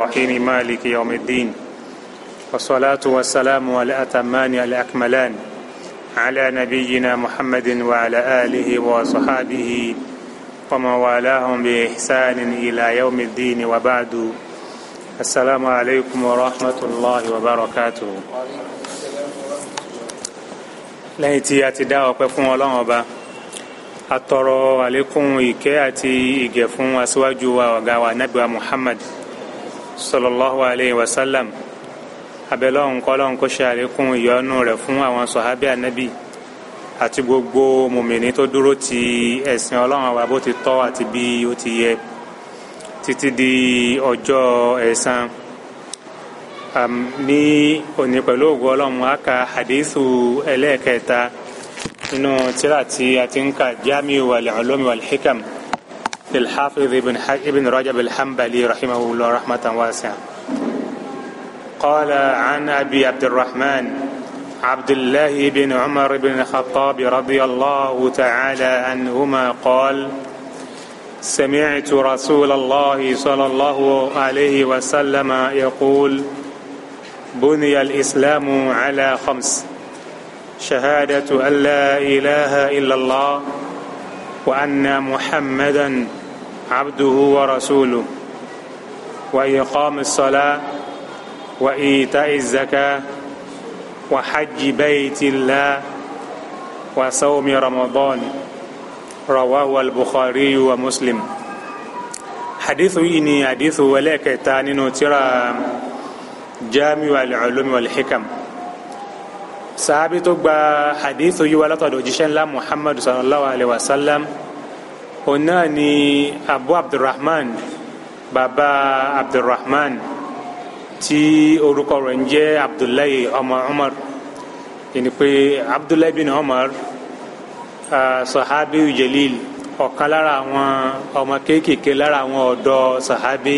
الرحيم مالك يوم الدين والصلاة والسلام الأتمان الأكملان على نبينا محمد وعلى آله وصحابه ومن والاهم بإحسان إلى يوم الدين وبعد السلام عليكم ورحمة الله وبركاته لن تياتي دعوة فون الله وبا أترى عليكم إكياتي إجفون أسواجوا وقاوى نبوى محمد sallallahu alayhi wa sallam abẹ́lọ́hún kọ́lọ́hún kó ṣe àlékún ìyọ́nú rẹ̀ fún àwọn sọ̀hábí ànábì àti gbogbo mòmìnì tó dúró ti ẹ̀sìn ọlọ́run wa bó ti tọ́ àti bí ó ti yẹ títí di ọjọ́ ẹ̀san ní òní pẹ̀lú ògo ọlọ́run a ka ẹlẹ́ẹ̀kẹta nínú tírà tí a ti ń kà Jamiu wal ulumi wal hikam. للحافظ ابن, ابن رجب الحنبلي رحمه الله رحمة واسعة قال عن أبي عبد الرحمن عبد الله بن عمر بن الخطاب رضي الله تعالى عنهما قال سمعت رسول الله صلى الله عليه وسلم يقول بني الإسلام على خمس شهادة أن لا إله إلا الله وأن محمدا عبده ورسوله وإقام الصلاة وإيتاء الزكاة وحج بيت الله وصوم رمضان رواه البخاري ومسلم حديث إني حديث ولك تاني ترى جامع العلوم والحكم صحابي تقبى حديث يولد وجشن لا محمد صلى الله عليه وسلم òun náà ni abu abdulrahman baba abdulrahman tí orúkọ rẹ̀ ń jẹ́ abdullahi ọmọ umar yẹni pé abdullahi bin umar uh, sahabi jalil ọ̀kan lára àwọn ọmọ kéékèèké lára àwọn ọ̀dọ́ sahabi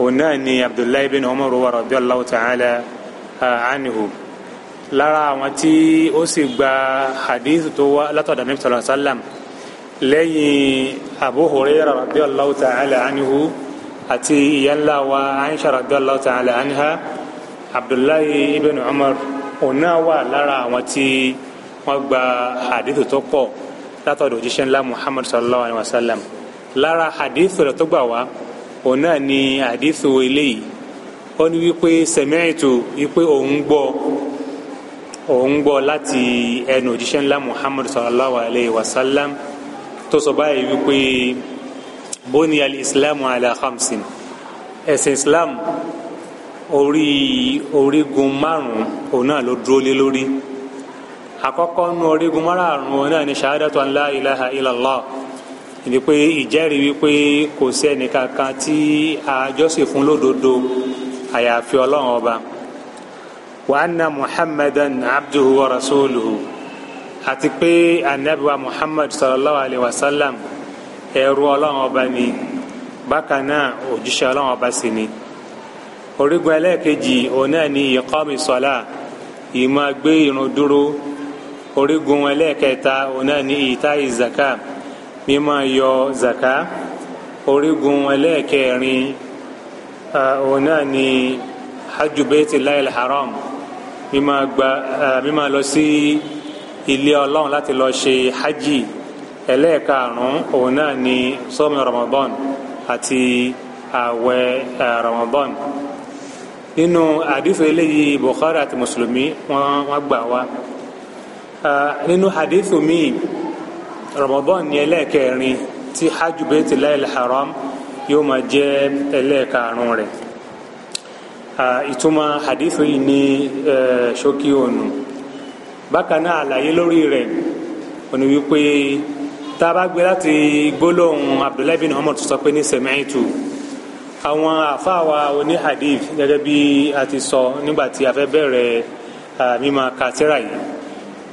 òun náà ni abdullahi bin umar wa radiyallahu ta'ala uh, anhu lára àwọn tí ó sì gba hadith tó wá látọ̀dọ̀ nabi sallallahu lẹ́yìn Abu Hurairah radiyallahu ta'ala anhu àti ìyá ńlá wa Aisha radiyallahu ta'ala anha Abdullahi ibn Umar ọ̀nà wà lára àwọn tí wọ́n gba hadithu tó pọ̀ látọ̀dọ̀ òjíṣẹ́ ńlá Muhammad sallallahu alayhi wa sallam lára hadithu rẹ̀ tó gbà wá ọ̀nà ni hadithu eléyìí ó ní wípé sami'tu wípé òun gbọ́ òun gbọ́ láti ẹnu òjíṣẹ́ ńlá Muhammad sallallahu alayhi wa sallam tó sọ báyìí wípé bóni al-islamu ala khamsin ẹ̀sìn islam orí orígun márùn-ún òun náà ló dúró lé lórí àkọ́kọ́ nu orígun márùn-ún òun náà ni shahadatu an la ilaha illallah ìdí pé ìjẹ́rìí wípé kò sí ẹnìkankan tí a jọ́sìn fún lódodo àyàfi ọlọ́run ọba wa anna muhammadan abduhu wa rasuluhu àti pé anabiwa muhammad sallallahu alayhi wa sallam ẹrú ọlọ́run ọba ni bákan náà òjíṣẹ́ ọlọ́run ọba sì ni orígun ẹlẹ́ẹ̀kejì òun náà ni ìkọ́mi sọ́lá ìmọ̀ gbé irun dúró orígun ẹlẹ́ẹ̀kẹta òun náà ni ìta ìzàká mímọ̀ yọ zàká orígun ẹlẹ́ẹ̀kẹrin òun náà ni hajj bayti lahil haram mímọ̀ lọ sí ilé ọlọ́run láti lọ ṣe hajj ẹlẹ́ẹ̀karùn-ún òun náà ni sọ́mi ramadan àti àwẹ̀ ramadan nínú hadith eléyìí bukhari àti mùsùlùmí wọ́n gbà wá nínú hadith míì ramadan ni ẹlẹ́ẹ̀kẹrin tí hajj bẹ́tẹ̀ láìlẹ̀ haram yóò máa jẹ́ ẹlẹ́ẹ̀karùn-ún rẹ̀ ìtumọ̀ hadith yìí ní ṣókí ònù bákan náà àlàyé lórí rẹ̀ òní wípé tá a bá gbé láti gbólóhùn abdullahi bin umar tó sọ pé ní sẹmẹ́ẹ̀tù àwọn àfáàwà oní hadith gẹ́gẹ́ bí a ti sọ nígbà tí a fẹ́ bẹ̀rẹ̀ mímọ kàtírà yìí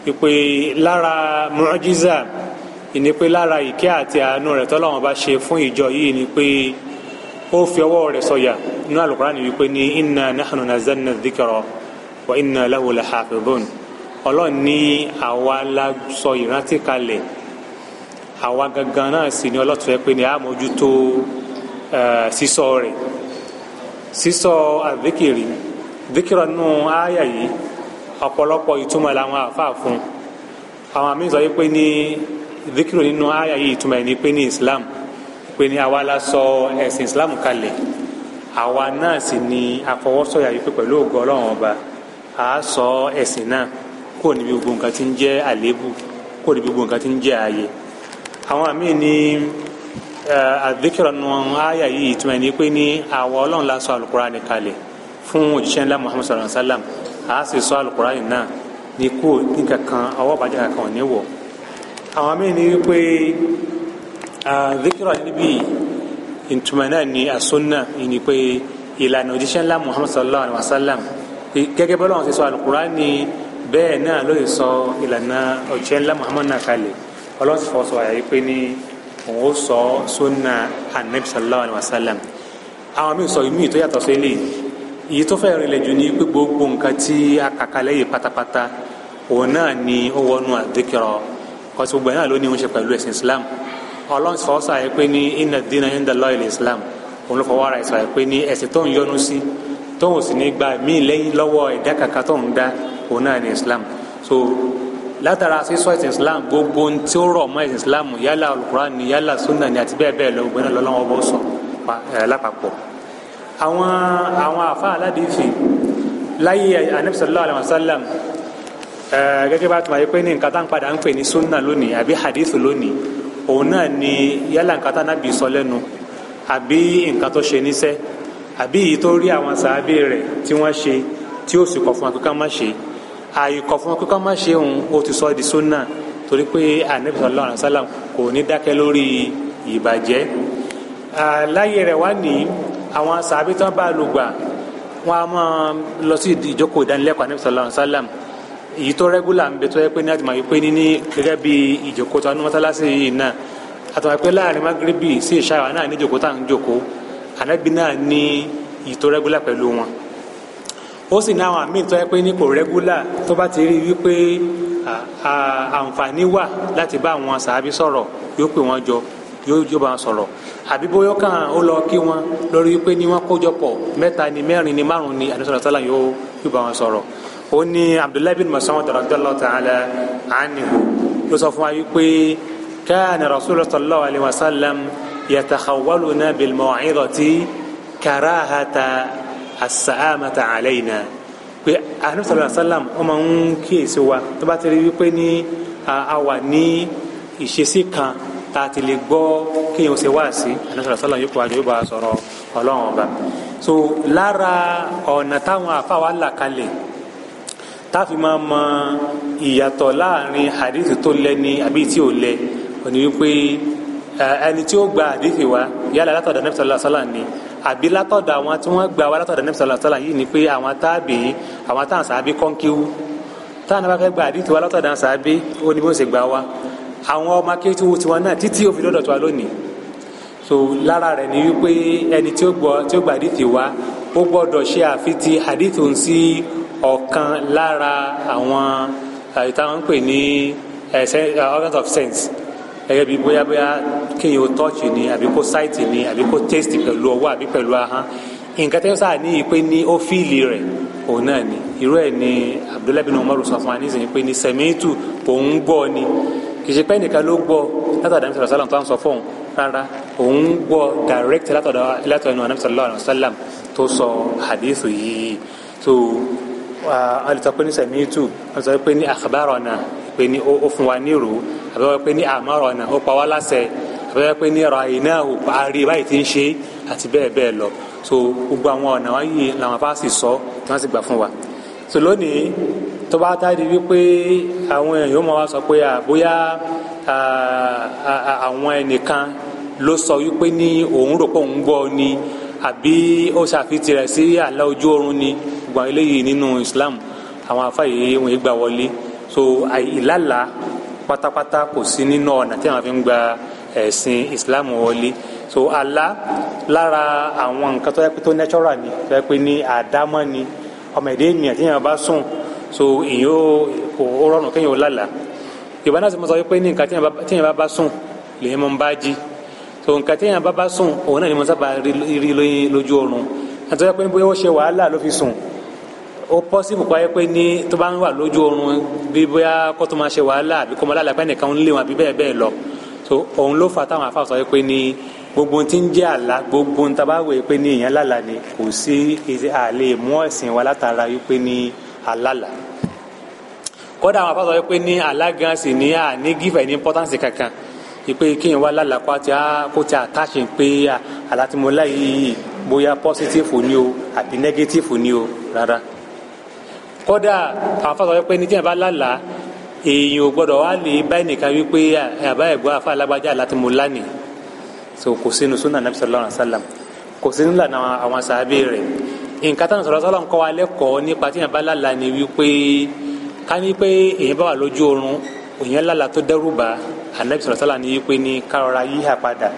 wípé lára mu'jiza ìní pé lára ìkẹ́ àti àánú rẹ̀ tọ́lọ́wọ́n bá ṣe fún ìjọ yìí ni pé ó fi ọwọ́ rẹ̀ sọ̀yà nínú àlùkùránì wípé ní inna nahnu nazzalna dhikra wa inna lahu lahafidhun ọlọ́run ní àwa la sọ ìrántí kalẹ̀ àwa gangan náà sì ni ọlọ́tún fẹ́ pé ni a mójútó eh, sísọ rẹ̀ sísọ àdìkìrì dìkìrọ̀ nù áyà yìí ọ̀pọ̀lọpọ̀ ìtumọ̀ làwọn àfa fún àwọn àmì sọ pé ní dìkìrọ̀ nínú áyà yìí ìtumọ̀ ẹ̀ ni pé ní Islam pé ní àwa la sọ ẹ̀sìn Islam kalẹ̀ àwa náà sì ni àfọwọ́sọ̀yà yìí pé pẹ̀lú ògo ọlọ́run ọba àá sọ ẹ̀sìn náà kó níbi gbogbo nǹkan tí ń jẹ́ àléébù kó níbi gbogbo nǹkan tí ń jẹ́ ààyè àwọn àmì ní àdékìrọ̀ àyà yìí ìtumọ̀ ní pé ní àwa ọlọ́run la sọ àlùkùránì kalẹ̀ fún òjíṣẹ́ ńlá muhammadu sallallahu alayhi wa sallam a sì sọ àlùkùránì náà ní kó nǹkan kan ọwọ́ bàjẹ́ kankan ò ní wọ̀ àwọn àmì ní wípé àdékìrọ̀ níbí ìtumọ̀ náà ní àsúnà ní pé ìlànà òjíṣẹ́ ńlá muhammadu sallallahu alayhi wa sallam gẹ́gẹ́ bọ́lá wọn ti sọ àlùkùránì bẹ́ẹ̀ náà ló yẹ sọ ìlànà ọ̀jẹ́ ńlá muhammad náà kalẹ̀ ọlọ́sìn fọwọ́sọ àyà yìí pé ní òun ó sọ sunna anabi sallallahu alayhi wa sallam àwọn míì sọ míì tó yàtọ̀ sí eléyìí èyí tó fẹ́ẹ́ rinlẹ̀ jù ní pé gbogbo nǹkan tí a kà kalẹ̀ yìí pátápátá òun náà ni ó wọnú àdékìrọ̀ kọ́sí gbogbo náà ló ní òun ṣe pẹ̀lú ẹ̀sìn islam ọlọ́run ti fọwọ́sọ pé ní inna dina inda Allahi al-islam òun ló fọwọ́ ara ẹ̀ sọ àyẹ̀ pé ní ẹ̀sìn tó ń yọ́nú sí tóun sì ní gba míì lẹ́yìn lọ́wọ́ ẹ̀dá kàkà tó ń dá òun náà ní islam so látara sísọ ẹ̀sìn islam gbogbo ohun tí ó rọ̀ mọ́ ẹ̀sìn islam yálà alukuran ni yálà sunna ni àti bẹ́ẹ̀ bẹ́ẹ̀ lọ gbẹ́nà lọ́lọ́wọ́ bó sọ lápapọ̀ àwọn àwọn àfa aládìífì láyé anabi sallallahu alayhi wa sallam gẹ́gẹ́ bá a ti máa yẹ pé ní nǹkan tá à padà ń pè ní sunna lónìí àbí hadith lónìí òun náà ni yálà nǹkan tá a nábì sọ lẹ́nu àbí nǹkan tó ṣe níṣẹ́ àbí èyí tó rí àwọn sàábì rẹ̀ tí wọ́n ṣe tí ó sì kọ̀ fún akẹ́kọ̀ọ́ má ṣe àìkọ̀ fún wọn pé kọ́ má ṣe òun ó ti sọ di súnà torí pé ànábì sallallahu alaihi wasallam kò ní dákẹ́ lórí ìbàjẹ́ láyé rẹ̀ wá ní àwọn sàbí tí wọ́n bá lù gbà wọ́n á máa lọ sí ìjókòó ìdánilẹ́kọ̀ọ́ ànábì sallallahu alaihi wasallam èyí tó rẹ́gúlà ń bẹ tó yẹ pé ní àti màá yí pé níní gẹ́gẹ́ bí ìjókòó tó anú mọ́tálásí yìí náà àti pé láàrin magrebi sí ìṣàwá náà ní ìjókòó tá à ń jókòó ànábì náà ní èyí tó pẹ̀lú wọn ó sì ní àwọn àmì tó yẹ pé ní kò rẹ́gúlà tó bá ti rí wípé àǹfààní wà láti bá àwọn sàábí sọ̀rọ̀ yóò pè wọ́n jọ yóò yóò bá wọn sọ̀rọ̀ àbí bóyá kan ó lọ kí wọn lórí wípé ní wọ́n kójọ pọ̀ mẹ́ta ni mẹ́rin ni márùn ni àdúrà sọ̀rọ̀ yóò yóò bá wọn sọ̀rọ̀ ó ní abdullahi bin Mas'ud radiyallahu ta'ala anhu ló sọ fún wa wípé kana rasulullah sallallahu alayhi wa sallam yatakhawwaluna bil maw'izati karahata as-sa'amata alayna pé anabi sallallahu alayhi wa sallam ọmọ ń kíyèsí wa tó bá ti rí wípé ní a wà ní ìṣesí kan tá a ti lè gbọ́ kéèyàn ṣe wá sí anabi sallallahu alayhi wa yóò kó àjọ yóò bá sọ̀rọ̀ ọlọ́run ọba so lára ọ̀nà táwọn àfáwà là kalẹ̀ táfi máa mọ ìyàtọ̀ láàrin hadithi tó lẹ àbí tí ò lẹ òní wípé ẹni tí ó gba hadithi wa yálà látọ̀dọ̀ anabi sallallahu ni àbí látọ̀dọ̀ àwọn tí wọ́n gba wa látọ̀dọ̀ nẹ́bí sọ̀lá sọ̀lá yìí ni pé àwọn táàbì àwọn táwọn sàábì kọ́ńkéwú táwọn abáfẹ́ gba àdìtì wa látọ̀dọ̀ àwọn sàábì ó ní bí wọ́n ṣe gba wa àwọn ọmọ akéwìtìwò tiwọn náà títí ó fi tó wa lónìí so lára rẹ̀ ni wípé ẹni tí ó gbọ́ tí ó gba àdìtì wa ó gbọ́dọ̀ ṣe àfitì àdìtì òun sí ọ̀kan lára àwọn ìtàn pè ní eh, eh, organs of sense gẹ́gẹ́ bí bóyá bóyá kéèyàn ó tọ́ọ̀chì ni àbí kó sáìtì ni àbí kó tẹ́sítì pẹ̀lú ọwọ́ àbí pẹ̀lú ahọ́n nǹkan tẹ́yọ́ sáà ní ìpè ní ó fíìlì rẹ̀ òun náà ni irú ẹ̀ ni Abdullahi bin sọ fún wa nísìnyí pé ní sẹ̀mẹ́ntù òun gbọ́ ni kì í ṣe pé nìkan ló gbọ́ látọ̀dọ̀ anamisa sallam tó ń sọ fún un rárá òun gbọ́ direct látọ̀dọ̀ látọ̀dọ̀ anamisa sallam tó sọ hadithu yìí so wọ́n lè sọ pé ní sẹ̀mìtù wọ́n sọ pé ní akhbarana pé ní ó fún wa nírò àbí wọ́n pé ní amarana ó pa wá láṣẹ àbí wọ́n pé ní ra'aynahu àárí báyìí ti ń ṣe àti bẹ́ẹ̀ bẹ́ẹ̀ lọ so gbogbo àwọn ọ̀nà wáyé làwọn afáàsì sọ tí wọ́n sì gbà fún wa so lónìí tó bá dáre wípé àwọn èèyàn yóò máa wá sọ pé bóyá àwọn ẹnìkan ló sọ wípé ní òun rò pé òun gbọ́ ni àbí ó ṣàfitì rẹ̀ sí àlá ojú oorun ni gbogbo àwọn eléyìí nínú Islam àwọn afáyé wọn yìí gbà wọlé so ìlàlà pátápátá kò sí nínú ọ̀nà tí àwọn fi ń gba ẹ̀sìn Islam wọlé so àlá lára àwọn nǹkan tó yẹ pé tó natural ni tó yẹ pé ní àdámọ́ ni ọmọ èdè ènìyàn tí èèyàn bá sùn so èèyàn ò rọrùn kéèyàn ò lálàá yorùbá náà sì mọ sọ wípé ní nǹkan tí èèyàn bá bá sùn lèèyàn mọ ń bá jí so nǹkan tí èèyàn bá bá sùn òun náà ni mo sábà rí lójú oorun àti wípé bóyá ó ṣe wàhálà ló fi sùn ó pọ́sibù kó ayé pé ní tó bá ń wà lójú oorun bí bóyá kó tó máa ṣe wàhálà àbí kó máa lálàpẹ́ nìkan ń lé wọn àbí bẹ́ẹ̀ bẹ́ẹ̀ lọ so òun ló fà táwọn afáà sọ pé ní gbogbo tí ń jẹ́ àlá gbogbo níta bá wòye pé ní èèyàn lálàá ni kò sí ìṣe àlè mú ẹ̀sìn wa látara wípé ní àlálà kódà àwọn afáà sọ pé ní àlá sì ní àní gífẹ̀ ní pọ́tánsì kankan ìpè kéèyàn wá lálàá kó ti ah, kó ti àtàṣe pé ah, àlá tí mo láyé bóyá pọ́sítífù ni o àbí nẹ́gẹ́tífù ni o rárá kódà àfàsọ pé ní tí yẹn bá lálà èèyàn ò gbọ́dọ̀ wá lè bá ẹnìkan wípé àbá ẹ̀gbọ́n afá alágbájá láti mú lánìí so kò sínú sunna anabi sallallahu alaihi wa sallam kò sínú lànà àwọn sàábì rẹ̀ nǹkan táwọn sọ̀rọ̀ sọ́lọ́ ń kọ́ wa lẹ́kọ̀ọ́ nípa tí yẹn bá lálà ni wípé ká ní pé èèyàn bá wà lójú oorun òyìn lálà tó dẹ́rù bá anabi sallallahu alaihi wa ni wípé ní kárọra yíhà padà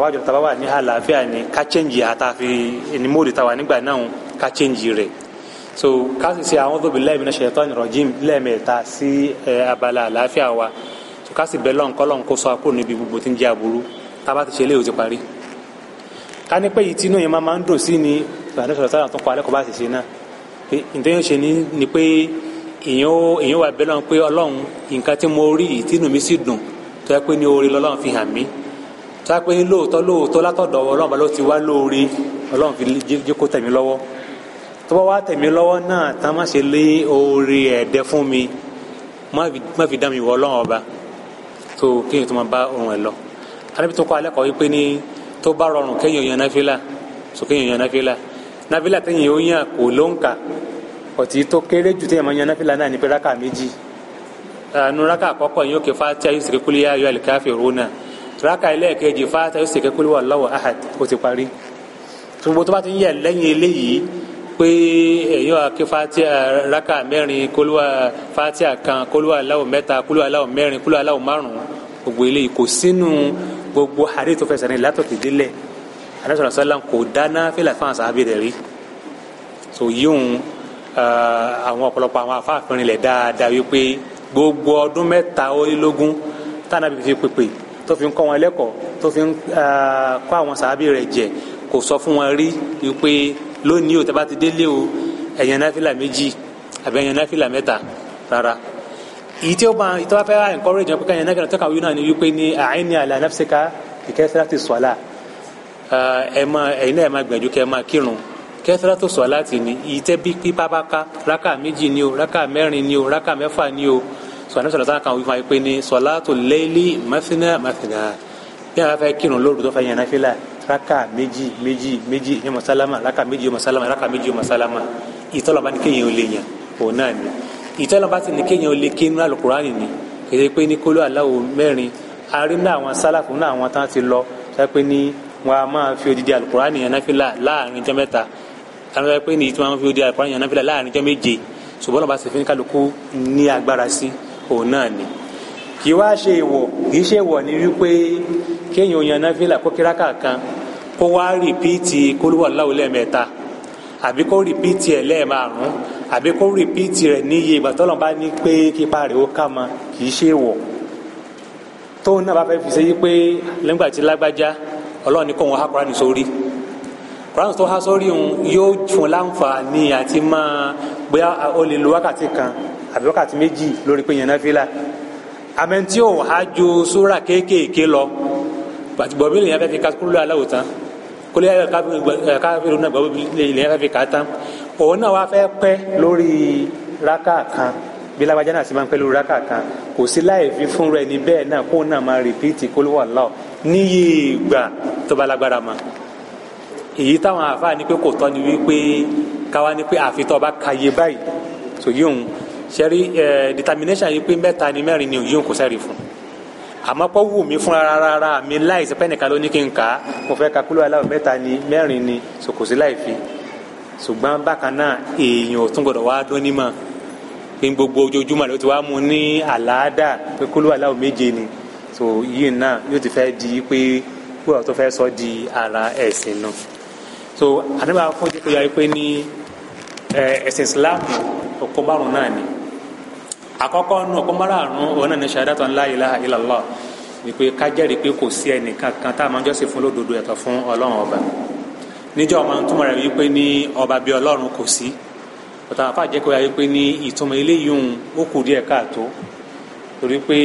wájú tàbá wà ní àlàáfíà ni ká chẹ́ǹjì àtàfi ẹni móòdì tàwa nígbà náà ká chẹ́ǹjì rẹ̀ so káàsì sí a'udhu billahi minash shaitani rajim lẹ́ẹ̀mẹ́ta sí abala àlàáfíà wa so káàsì bẹ́ẹ̀ lọ́nkọ́ lọ́nkọ́ sọ akó níbi gbogbo tí ń jẹ́ aburú tába ti ṣe léyìí ó ti parí ká ní pé ìtinú yẹn máa ń dùn sí ni ìbàdàn sọ̀rọ̀ sáà tó kọ́ alẹ́ kọ́ bá sì ṣe náà pé ìtẹ́yìn ṣe ni pé èèyàn wà bẹ́ẹ̀ lọ́n pé ọlọ́run nǹkan tí mo rí ìtinú mi sì dùn tó yẹ pé ní oore lọ́lọ́run fi hàn mí tó yẹ pé lóòótọ́ lóòótọ́ látọ̀dọ̀ ọlọ́run bá ló ti wá lóore ọlọ́run fi jẹ́ kó tẹ̀ lọ́wọ́ tó bá wá tẹ̀mí lọ́wọ́ náà tá má ṣe lé oore ẹ̀dẹ́ fún mi má fi dá mi wọ ọlọ́run ọba tó kéèyàn tó máa bá ohun ẹ̀ lọ alábi tó kọ́ alẹ́ kọ́ wípé ní tó bá rọrùn kéèyàn yan náfìlà so kéèyàn yan náfìlà náfìlà téèyàn ó yàn kò ló ń kà ọ̀tí tó kéré jù téèyàn máa yan náfìlà náà ní pé rákà méjì nu rákà àkọ́kọ́ yìí ó ké fatiha yóò ṣèké kúlíyà yóò àlìkáfẹ́ rúnà rákà ẹlẹ́ẹ̀kejì fatiha yóò ṣèké kúlíwà pé èyàn á ké fatia raka mẹ́rin kólúwa fatia kan kólúwa aláwọ̀ mẹ́ta kólúwa aláwọ̀ mẹ́rin kólúwa aláwọ̀ márùn-ún gbogbo eléyìí kò sínú gbogbo hadith tó fẹsẹ̀ rìn látọ̀ tìdílẹ̀ anasọ̀rọ̀ sálàm kò dáná fílà fáwọn sàábì rẹ̀ rí so yíyún àwọn ọ̀pọ̀lọpọ̀ àwọn afáàfin rẹ̀ dáadáa wípé gbogbo ọdún mẹ́ta ó lé lógún tánàbí fi pèpè tó fi ń kọ́ wọn lẹ́kọ̀ọ́ tó fi ń kọ́ àwọn sàábì rẹ̀ jẹ kò sọ fún wọn rí wípé lónìí o tẹ́bá ti délé o ẹ̀yàn náfìlà méjì àbí ẹ̀yàn náfìlà mẹ́ta rárá èyí tí ó máa ìtọ́ bá fẹ́ wá encourage ọ̀pẹ́ kẹ́yìn náà tọ́ka wí náà ni wípé ní àìní àlà nafsika ìkẹ́sílá ti sọ̀lá ẹ̀yìn náà ẹ̀ máa gbìyànjú kẹ́ ẹ máa kírun kẹ́sílá tó sọ̀lá tì ní èyí tẹ́ bí pípa bá ká rákà méjì ni o rákà mẹ́rin ni o rákà mẹ́fà ni o sọ̀lá sọ̀lá sáà kan wí raka méjì méjì méjì ìyẹn mọ̀sálámà raka méjì yóò mọ̀sálámà raka méjì yóò mọ̀sálámà ìtọ́lọ̀ bá ní kéèyàn ó lè yàn òun náà ni ìtọ́lọ̀ bá ti ní kéèyàn ó lè ké nínú alukurani ni kéde pé ní kóló aláwo mẹ́rin arín náà àwọn sálàfù náà àwọn tán ti lọ sápé ní wọn a máa fi odidi alukurani yàn náfìlà láàrin jọ mẹ́ta àwọn ẹgbẹ́ ní tí wọ́n fi odidi alukurani yàn náfìlà láàrin jọ méje ṣùgbọ́n lọ́ba sì fi ní kálukú ní agbára sí òun náà ni kì í wá ṣe ìwọ̀ kì í ṣe wọ̀ ní wípé kéèyàn yan náfìlà kó kíráka kan kó wá rìpíìtì kólúwàláwò lẹ́ẹ̀mẹ́ta àbí kó rìpíìtì ẹ̀ lẹ́ẹ̀márùn àbí kó rìpíìtì rẹ̀ níye ìgbà tọ́lọ̀ bá ní pé kípa rẹ̀ ó kà mọ́ kì í ṣe wọ̀ tóun náà bá fẹ́ fi ṣe yí pé lẹ́gbà tí lágbájá ọlọ́run ní kó wọn há kúránì sórí kúránì tó há sórí òun yóò fún láǹfààní àti máa bóyá ó lè wákàtí kan àbí wákàtí méjì lórí pé yẹn náfìlà àmọ́ tí ò há ju súrà kéékèèké lọ gbàtìgbọ̀ bí lèyìn afẹ́ fi ka kúrò aláwò tán kó lè káfíìrì náà gbàgbọ́ bí lèyìn afẹ́ fi kà á tán òun náà wá fẹ́ pẹ́ lórí raka kan bí lábàjá náà sì máa ń pẹ́ lórí rákà kan kò sí láì fi fún rẹ ní bẹ́ẹ̀ náà kó náà máa rìpíìtì kó wà láò níyì ìgbà tó bá lágbára èyí táwọn àfáà ní pé kò tọ́ ni wípé káwa ní pé àfitọ́ ọba kàyé báyìí tòyí òun sẹ́rí ẹ̀ determination yìí pé mẹ́ta ni mẹ́rin ni yóò kó sẹ́rí fún àmọ́ pọ́ wù mí fún rárá mi láì sí pẹ́ẹ́nìkan ló kí n kà á mo fẹ́ ka kúlọ̀ aláwọ̀ mẹ́ta ni mẹ́rin ni so kò sí láì fi ṣùgbọ́n bákan náà èèyàn ò tún gbọ́dọ̀ wá dún ní mọ́ pé gbogbo ojoojúmọ́ ló ti wá mu ní àlàáda pé kúlọ̀ aláwọ̀ méje ni so yìí náà yóò ti fẹ́ di pé kúrò tó fẹ́ sọ di ara ẹ̀sìn náà so àdébà fún jẹ́ kó yára pé ní ẹ̀sìn Islam ọkọ̀ márùn-ún náà ni àkọ́kọ́ nù ọ̀pọ̀ márààrún òun náà ní ṣahadatu an la ilaha illallah wípé ká jẹ́rìí pé kò sí ẹnìkan kan tá a máa jọ́sìn fún lódodo ẹ̀tọ́ fún ọlọ́run ọba níjọ́ ọmọ túmọ̀ rẹ̀ wípé ní ọba bíi ọlọ́run kò sí ọ̀tá àfa jẹ́ kó yà wípé ní ìtumọ̀ eléyìí òun ó kù díẹ̀ káàtó torí pé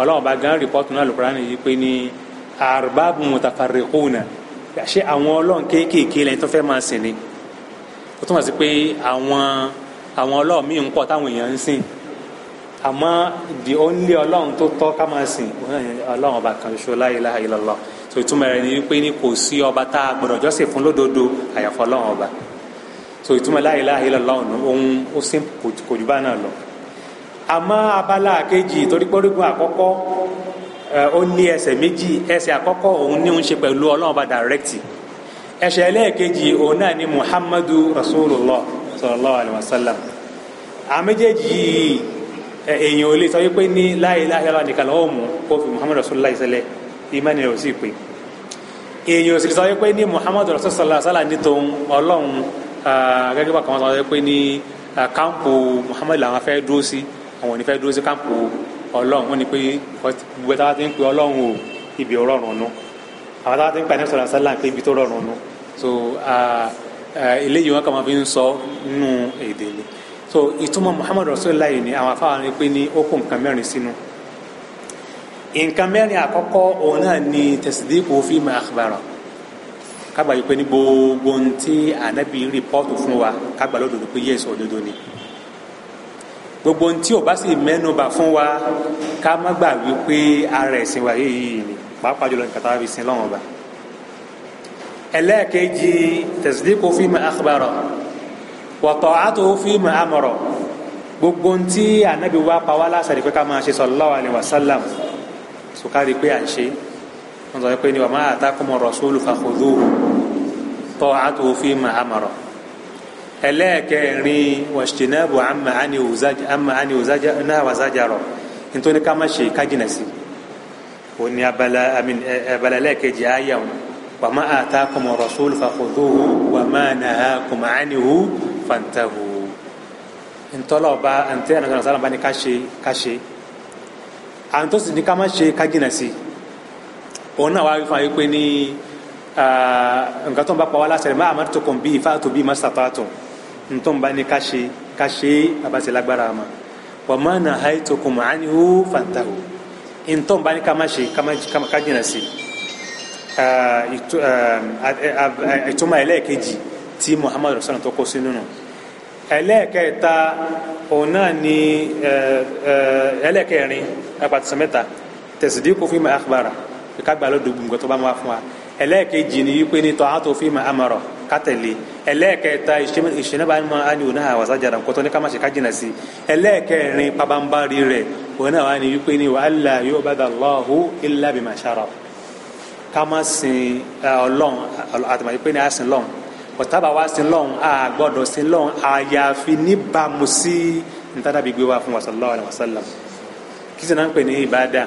ọlọ́run ọba gan rìpọ́tù náà lùkúránì yìí pé ní arbab mutafarriquna àwọn ọlọ́run míì ń pọ̀ táwọn èèyàn ń sìn àmọ́ the only ọlọ́run tó tọ́ ká máa sìn ọlọ́run ọba kan ṣoṣo la ilaha illallah tó ìtumọ̀ rẹ̀ ni pé ní kò sí ọba tá a gbọ́dọ̀ jọ́sìn fún lódodo àyàfọ́ ọlọ́run ọba so ìtumọ̀ la ilaha illallah ohun ó sì kò jù bá náà lọ àmọ́ abala kejì torí pé orígun àkọ́kọ́ ó ní ẹsẹ̀ méjì ẹsẹ̀ àkọ́kọ́ òun ní òun ṣe pẹ̀lú ọlọ́run ọba direct ẹsẹ̀ ẹlẹ́ẹ̀kejì òun náà ni muhammadu rasulullah sallallahu alaihi wasallam àwọn méjèèjì yìí èèyàn ò lè sọ la ilaha illallah nìkan lọ́wọ́ mú kó fi muhammadu rasulullah sẹlẹ̀ ìmánì rẹ̀ ò sì pé èèyàn ò sì sọ wípé ní muhammadu rasulullah sálà ní tòun ọlọ́run gẹ́gẹ́ bá kàwọn sọ wípé ní kámpù muhammadu làwọn fẹ́ dúró sí àwọn ò ní fẹ́ dúró sí kámpù ọlọ́run wọn ni pé gbogbo táwa ti ń pe ọlọ́run o ibi ò rọrùn nu àwọn táwa ti ń pe àníṣọ́ra sálà pé ibi tó rọrùn nu so. Uh, Eh, eléyìí wọn kà máa fi ń sọ nínú èdè ni so ìtumọ̀ muhammadu rasulillah yìí ni àwọn afáwọn ni pé ní ó kó nǹkan mẹ́rin sínú nǹkan mẹ́rin àkọ́kọ́ òun náà ni tẹ̀sídìkù fi ma akhbara kágbà yìí pé ní gbogbo ohun tí ànábì rìpọ́ọ̀tù fún wa kágbà lódodo pé yẹ́sọ̀ òdodo ni gbogbo ohun tí ò bá sì mẹ́nuba fún wa ká má gbà wípé ara ẹ̀sìn wa yìí ni pàápàá jùlọ nǹkan tá a fi sin lọ́wọ́n ba ẹlẹ́ẹ̀kejì tasdiqu fima akhbara wa ta'atuhu fima amara gbogbo ntí anabi wa pa wá lásàrí pé ká máa ṣe sallallahu alaihi wasallam sùkárí pé à ń ṣe wọn sọ pé ni wa ma atakumu rasulu fakhudhuhu ta'atuhu fima amara ẹlẹ́ẹ̀kẹrin wàṣìnàbù àmà àni òzájà náà wàzájà rọ nítorí ká má ṣe kájìnà sí òní abala ẹlẹ́ẹ̀kejì wàmà àtàkùmọ̀ rasul fàkùdùhù wàmà nàhàkùmọ̀ ànihù fàǹtàhù ntọ́lọ́ba àǹtí ànàkànà sálàm bá ní ká ṣe ká ṣe àǹtọ́sí ní ká má ṣe ká jìnà sí òun náà wàá fún wa pé ní nǹkan tó ń bá pa wá láṣẹ rẹ̀ máa àmàtò kàn bíi fáàtò bíi mọ́sítàtàtò ntọ́ ń bá ní ká ṣe ká ṣe àbáṣe lágbára ma wàmà nàhàkùmọ̀ ànihù fàǹtàhù ntọ́ ń bá ní ká má ṣe ká jìnà sí i. Eh, eh, eh, ìtumọ̀ ẹlẹ́ẹ̀kejì tí muhammadu rasulullah tó kó sínú nù ẹlẹ́ẹ̀kẹta òun náà ni ẹlẹ́ẹ̀kẹrin apàtìsàn mẹ́ta tẹ̀sídìkù fi ma akhbara ká gbà lọ́dọ̀ gbùngbọ̀n tó bá máa fún wa ẹlẹ́ẹ̀kejì ni wípé ní tọ́hátó fi ma amara kátẹ̀lé ẹlẹ́ẹ̀kẹta ìṣẹ̀nàbà ma á ní òun náà wàsá jàdà nǹkan tó ní ká má ṣe ká jìnà sí ẹlẹ́ẹ̀kẹrin pabambari rẹ̀ òun náà wà ní wípé ní wa alla yu'badallahu illa bima shara Kama má sin ọlọ́run àtàwọn ìpè ní àsìn lọ́run ọ̀tábà wá sin lọ́run a gbọ́dọ̀ sin lọ́run àyàfi níbàámu sí nítàdàbí gbé wá fún wa sallallahu alaihi wasallam kí sì náà ń pè ní ìbáàdà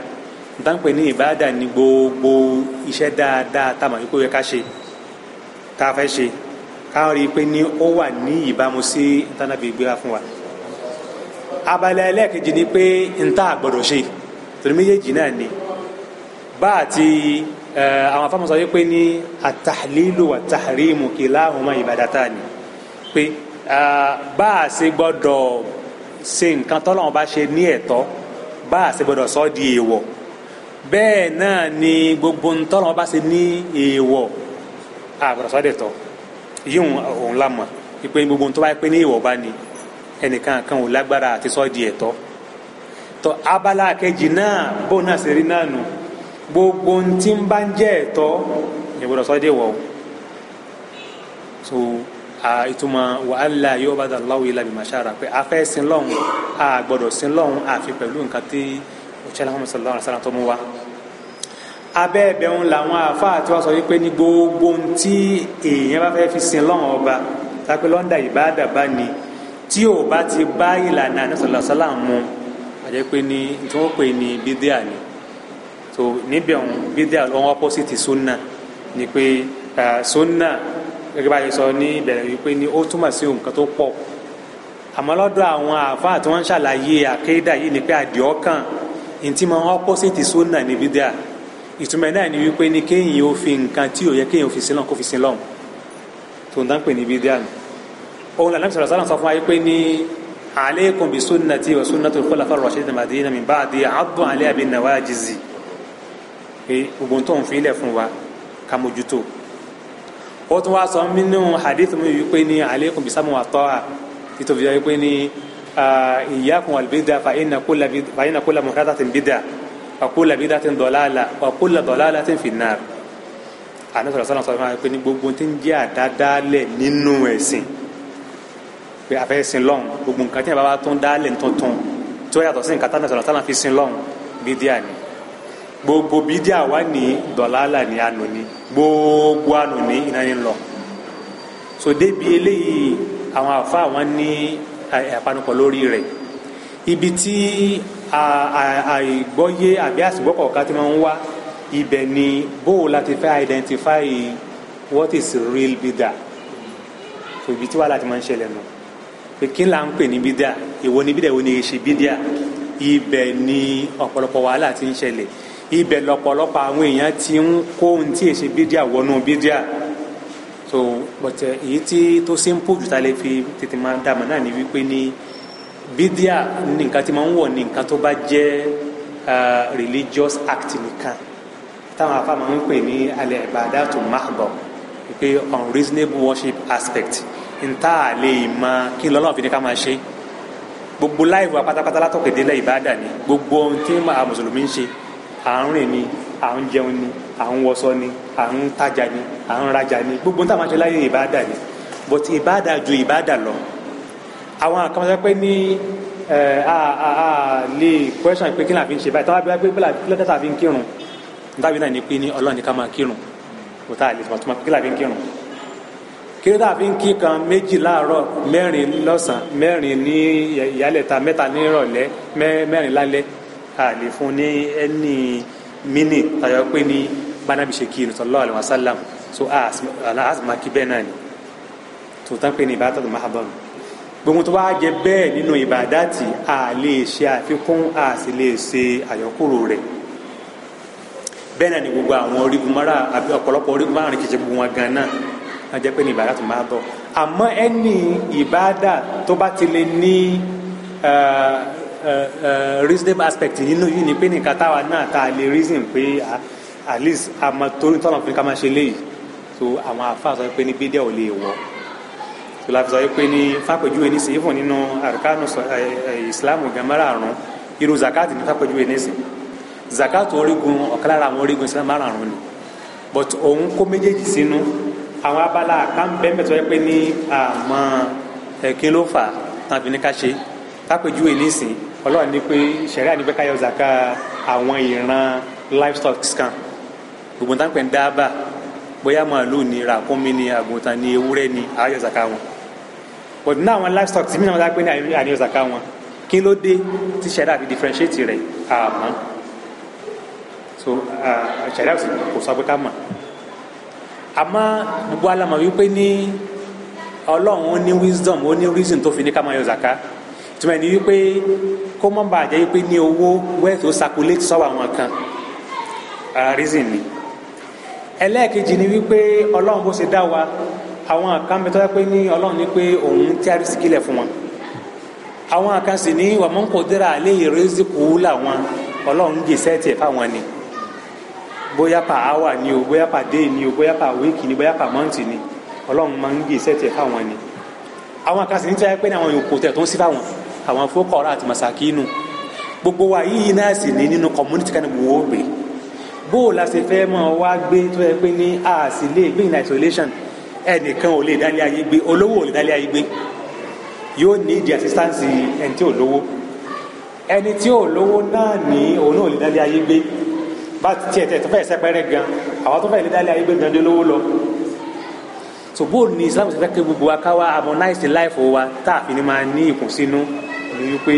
níta ń pè ní ìbáàdà ní gbogbo iṣẹ́ dáadáa tá a mọ̀ wípé ó yẹ ká ṣe tá a fẹ́ ṣe ká rí i pé ní ó wà ní ìbámu sí nítàdàbí gbé wá fún wa abalẹ̀ ẹlẹ́ẹ̀kejì ni pé níta àgbọ̀dọ̀ ṣe torí méjèèjì náà ni bá àti Eh, àwọn afáàmù sọ wípé ní àtàlílù àtàrímù kìláhùnmá ìbàdàtà ni pé ah, bá a ṣe gbọ́dọ̀ ṣe nǹkan tọ́lọ́run bá ṣe ní ẹ̀tọ́ bá a ṣe gbọ́dọ̀ sọ di èèwọ̀ bẹ́ẹ̀ náà ni gbogbo ntọ́lọ́run bá ṣe ní èèwọ̀ àgbọ́dọ̀ sọ dẹ̀tọ́ yíyún òun la mọ̀ ìpè gbogbo ntọ́ bá pé ní èèwọ̀ bá ni ẹnìkan kan ò lágbára àti sọ di ẹ̀tọ́ tó abala kejì náà bóun náà ṣe rí náà nù gbogbo ntí ń bá ń jẹ́ ẹ̀tọ́ ìgbọ́dọ̀ sọ dé wọ̀ so ìtumọ̀ wa alla yu'bada Allahu illa bima shara pé afẹ́ sin lọ́hùn a gbọ́dọ̀ sin lọ́hùn àfi pẹ̀lú nǹkan tí òṣèlú Muhammad sallallahu alaihi wasallam tó mú wa abẹ́ ẹ̀bẹ̀ ń làwọn àáfàá tí wọ́n sọ wípé ní gbogbo ntí èèyàn bá fẹ́ fi sin lọ́hùn ọba tàbí lọ́ndà ìbáàdà bá ní tí ò bá ti bá ìlànà sallallahu mu àjẹpé ní tí wọ́n bídíà ni so níbẹ̀ òun bídíà lọ́n opposite sunna ni pé sunna gẹ́gẹ́ bá a ṣe sọ ní ìbẹ̀rẹ̀ wípé ni ó túmọ̀ sí nǹkan tó pọ̀ àmọ́ lọ́dọ̀ àwọn àáfàá tí wọ́n ń ṣàlàyé àkéèdà yìí ni pé àdìọ́kàn ntí ma opposite sunna ni bídíà ìtumọ̀ náà ni wípé ni kéèyàn ó fi nǹkan tí ò yẹ kéèyàn ó fi sílọ̀ kó fi sílọ̀ tó ń dán pè ní bídíà nù òun làlámi sọ̀rọ̀ sọ́lá sọ fún wa yìí pé ní alaykum bi sunnati wa sunnati al-khulafa ar-rashidin al-mahdiyyin min ba'di 'addu 'alayha bin nawajizi pé gbogbo tó ń filẹ̀ fún wa ká mójútó ó tún wá sọ nínú hadith mi wípé ní alaykum bisamu wa tọ́ a títóbi yọ wípé ní iyyakum wal bid'a fa inna kulla muhdathatin bid'a wa kulla bid'atin dalala wa kulla dalalatin fin nar àníṣòro sọ́nà sọ́nà máa ní gbogbo tí ń jẹ́ àdádálẹ̀ nínú ẹ̀sìn pé a sin lọ́hùn gbogbo nǹkan tí yàrá bá tún dálẹ̀ tuntun tí ó yàtọ̀ sí nǹkan tí àníṣòro sọ́nà fi sin lọ́hùn bídíà ni gbogbo bídí àwa ní dọ̀làlà ní ànú ni gbogbo ànú ní iná ní lọ so débi eléyìí àwọn àfa àwọn ní àpanupọ̀ lórí rẹ̀ ibi tí àìgbọ́yé àbí àsìgbọ́kọ̀ ká ti máa ń wá ibẹ̀ ni bó o láti identify what is real bida so ibi tí wàhálà ti máa ń ṣẹlẹ̀ nù pé kí là ń pè ní bida ìwo ni bida ìwo ni èsì bida ibẹ̀ ni ọ̀pọ̀lọpọ̀ wàhálà ti ń ṣẹlẹ̀ ibẹ̀ lọ́pọ̀lọpọ̀ àwọn èèyàn ti ń kó ohun tí èsì bídíà wọnú bídíà so but eh, èyí tí tó simple jù tá a lè fi tètè máa dàmọ́ náà ni wípé ní bídíà nìkan tí máa ń wọ̀ ní nǹkan tó bá jẹ́ religious act nìkan táwọn afá máa ń pè ní alẹ́ ìbàdà tó máàbọ̀ wípé unreasonable worship aspect nta lè mọ kí n lọ́nà òfin ní ká máa ṣe gbogbo láìwà pátápátá látọ̀kẹ́dẹ́lẹ̀ ìbàdà ni gbogbo ohun tí mùsùlùmí ń ṣe à ń rìn ni à ń jẹun ni à ń wọṣọ ni à ń tajà ni à ń rajà ni gbogbo níta máa ṣe láyé ìbáàdà ni but ìbáàdà ju ìbáàdà lọ àwọn àkànṣe pé ní lè question pé kí ni àfi ń ṣe báyìí táwọn abẹ́wá pé kí lọ́tà àfi ń kírun níta bí náà ni pé ní ọlọ́run ní ká máa kírun kò tá a lè tọmọtọmọ pé kí làfi ń kírun kí lóde àfi ń kí kan méjì láàárọ̀ mẹ́rin lọ́sàn-án mẹ́rin ní ìyálẹ̀ta mẹ́ta ní ìrọ̀lẹ́ mẹ́rin lálẹ́ a lè fún ní ẹni mini tayọ pé ní bánábì ṣe kí sallallahu alaihi wasallam so asimaki bẹ́ẹ̀ náà ni tó tán pé ní ìbátan tó máa bọ̀ mi gbogbo tó bá jẹ bẹ́ẹ̀ nínú ìbàdàtì a lè ṣe àfikún a sì lè ṣe àyọkúrò rẹ̀ bẹ́ẹ̀ náà ni gbogbo àwọn orígun mara àbí ọ̀pọ̀lọpọ̀ orígun mara kìí ṣe gbogbo wọn gan náà a jẹ́ pé ní ìbádà máa bọ̀ àmọ́ ẹni ìbádà tó bá ti lè ní eh, reasonable aspect nínú yìí ni pé nìkan táwa náà ta lè reason pé at least àmọ́ torí tọ́nà fún ká máa ṣe léyìí so àwọn àfa sọ pé ní bídẹ́ ò lè wọ̀ so láti sọ pé ní fàpèjúwe ní sí ìfún nínú àrùkánù ìsìláàmù gẹ̀mẹ́rà àrùn irú zakat ní fàpèjúwe ní sí zakat orígun ọ̀kan lára àwọn orígun ìsìláàmù àrùn ni but òun kó méjèèjì sínú àwọn abala àkànbẹ́mẹ̀ tó yẹ pé ní àmọ́ kí ló fà tàbí ní ká ṣe fàpèjúwe ní sí ọlọ́run ní pé sẹ̀ríà ní pé ká yọ zaka àwọn ìran livestock kan gbogbo nǹkan pẹ̀ ń dábà bóyá màálù ni ràkúnmí ni àgùntàn ni ewúrẹ́ ni a zaka wọn but ní àwọn livestock tí mìíràn wọ́n pé ní àníyọ zaka wọn kí ló dé tí sẹ̀ríà fi differentiate rẹ̀ àmọ́ so sẹ̀ríà kò sọ pé ká mọ̀ àmọ́ gbogbo alamọ̀ wípé ní ọlọ́run ó ní wisdom ó ní reason tó fi ní ká máa yọ zaka tuma ni wípé kó mọ̀ wípé ní owó wealth ó circulate sọ́wọ́ àwọn kan reason ni ẹlẹ́ẹ̀kejì ni wípé ọlọ́run bó ṣe dá wa àwọn kan bẹ tó yẹ pé ní ọlọ́run ní pé òun tí a rí síkílẹ̀ fún wọn àwọn kan sì ní wàmọ́ kò dẹ́ra àlẹ́ ìrẹ́sìkú làwọn ọlọ́run gè sẹ́ẹ̀tì ẹ̀ fáwọn ni bóyá pa hour ni o bóyá pa day ni o bóyá pa week ni bóyá pa month ni ọlọ́run máa ń gè sẹ́ẹ̀tì ẹ̀ fáwọn ni àwọn kan sì ní tí wọ́n yẹ pé ní àwọn yòókù tẹ̀ tó ń sí fáwọn àwọn fókọ̀ọ́rọ́ àti masakínu gbogbo wa yìí náà sì ní nínú community kan gbogbo gbé bó o la ṣe fẹ́ mọ́ ọ wá gbé tó yẹ pé ní a sì lè gbé in isolation ẹnìkan ò lè dálé ayé gbé olówó ò lè dálé ayé gbé yóò ní ìdí assistance ẹni tí ò lówó ẹni tí ò lówó náà ní òun náà ò lè dálé ayé gbé bá tiẹ̀ tẹ̀ tó fẹ́ sẹ́pẹ́rẹ́ gan àwọn tó fẹ́ lè dálé ayé gbé gan lówó lọ so bó o Islam ṣe fẹ́ kí gbogbo wa ká wá harmonize life wa tá a fi ní máa ní ìkùnsínú ni wípé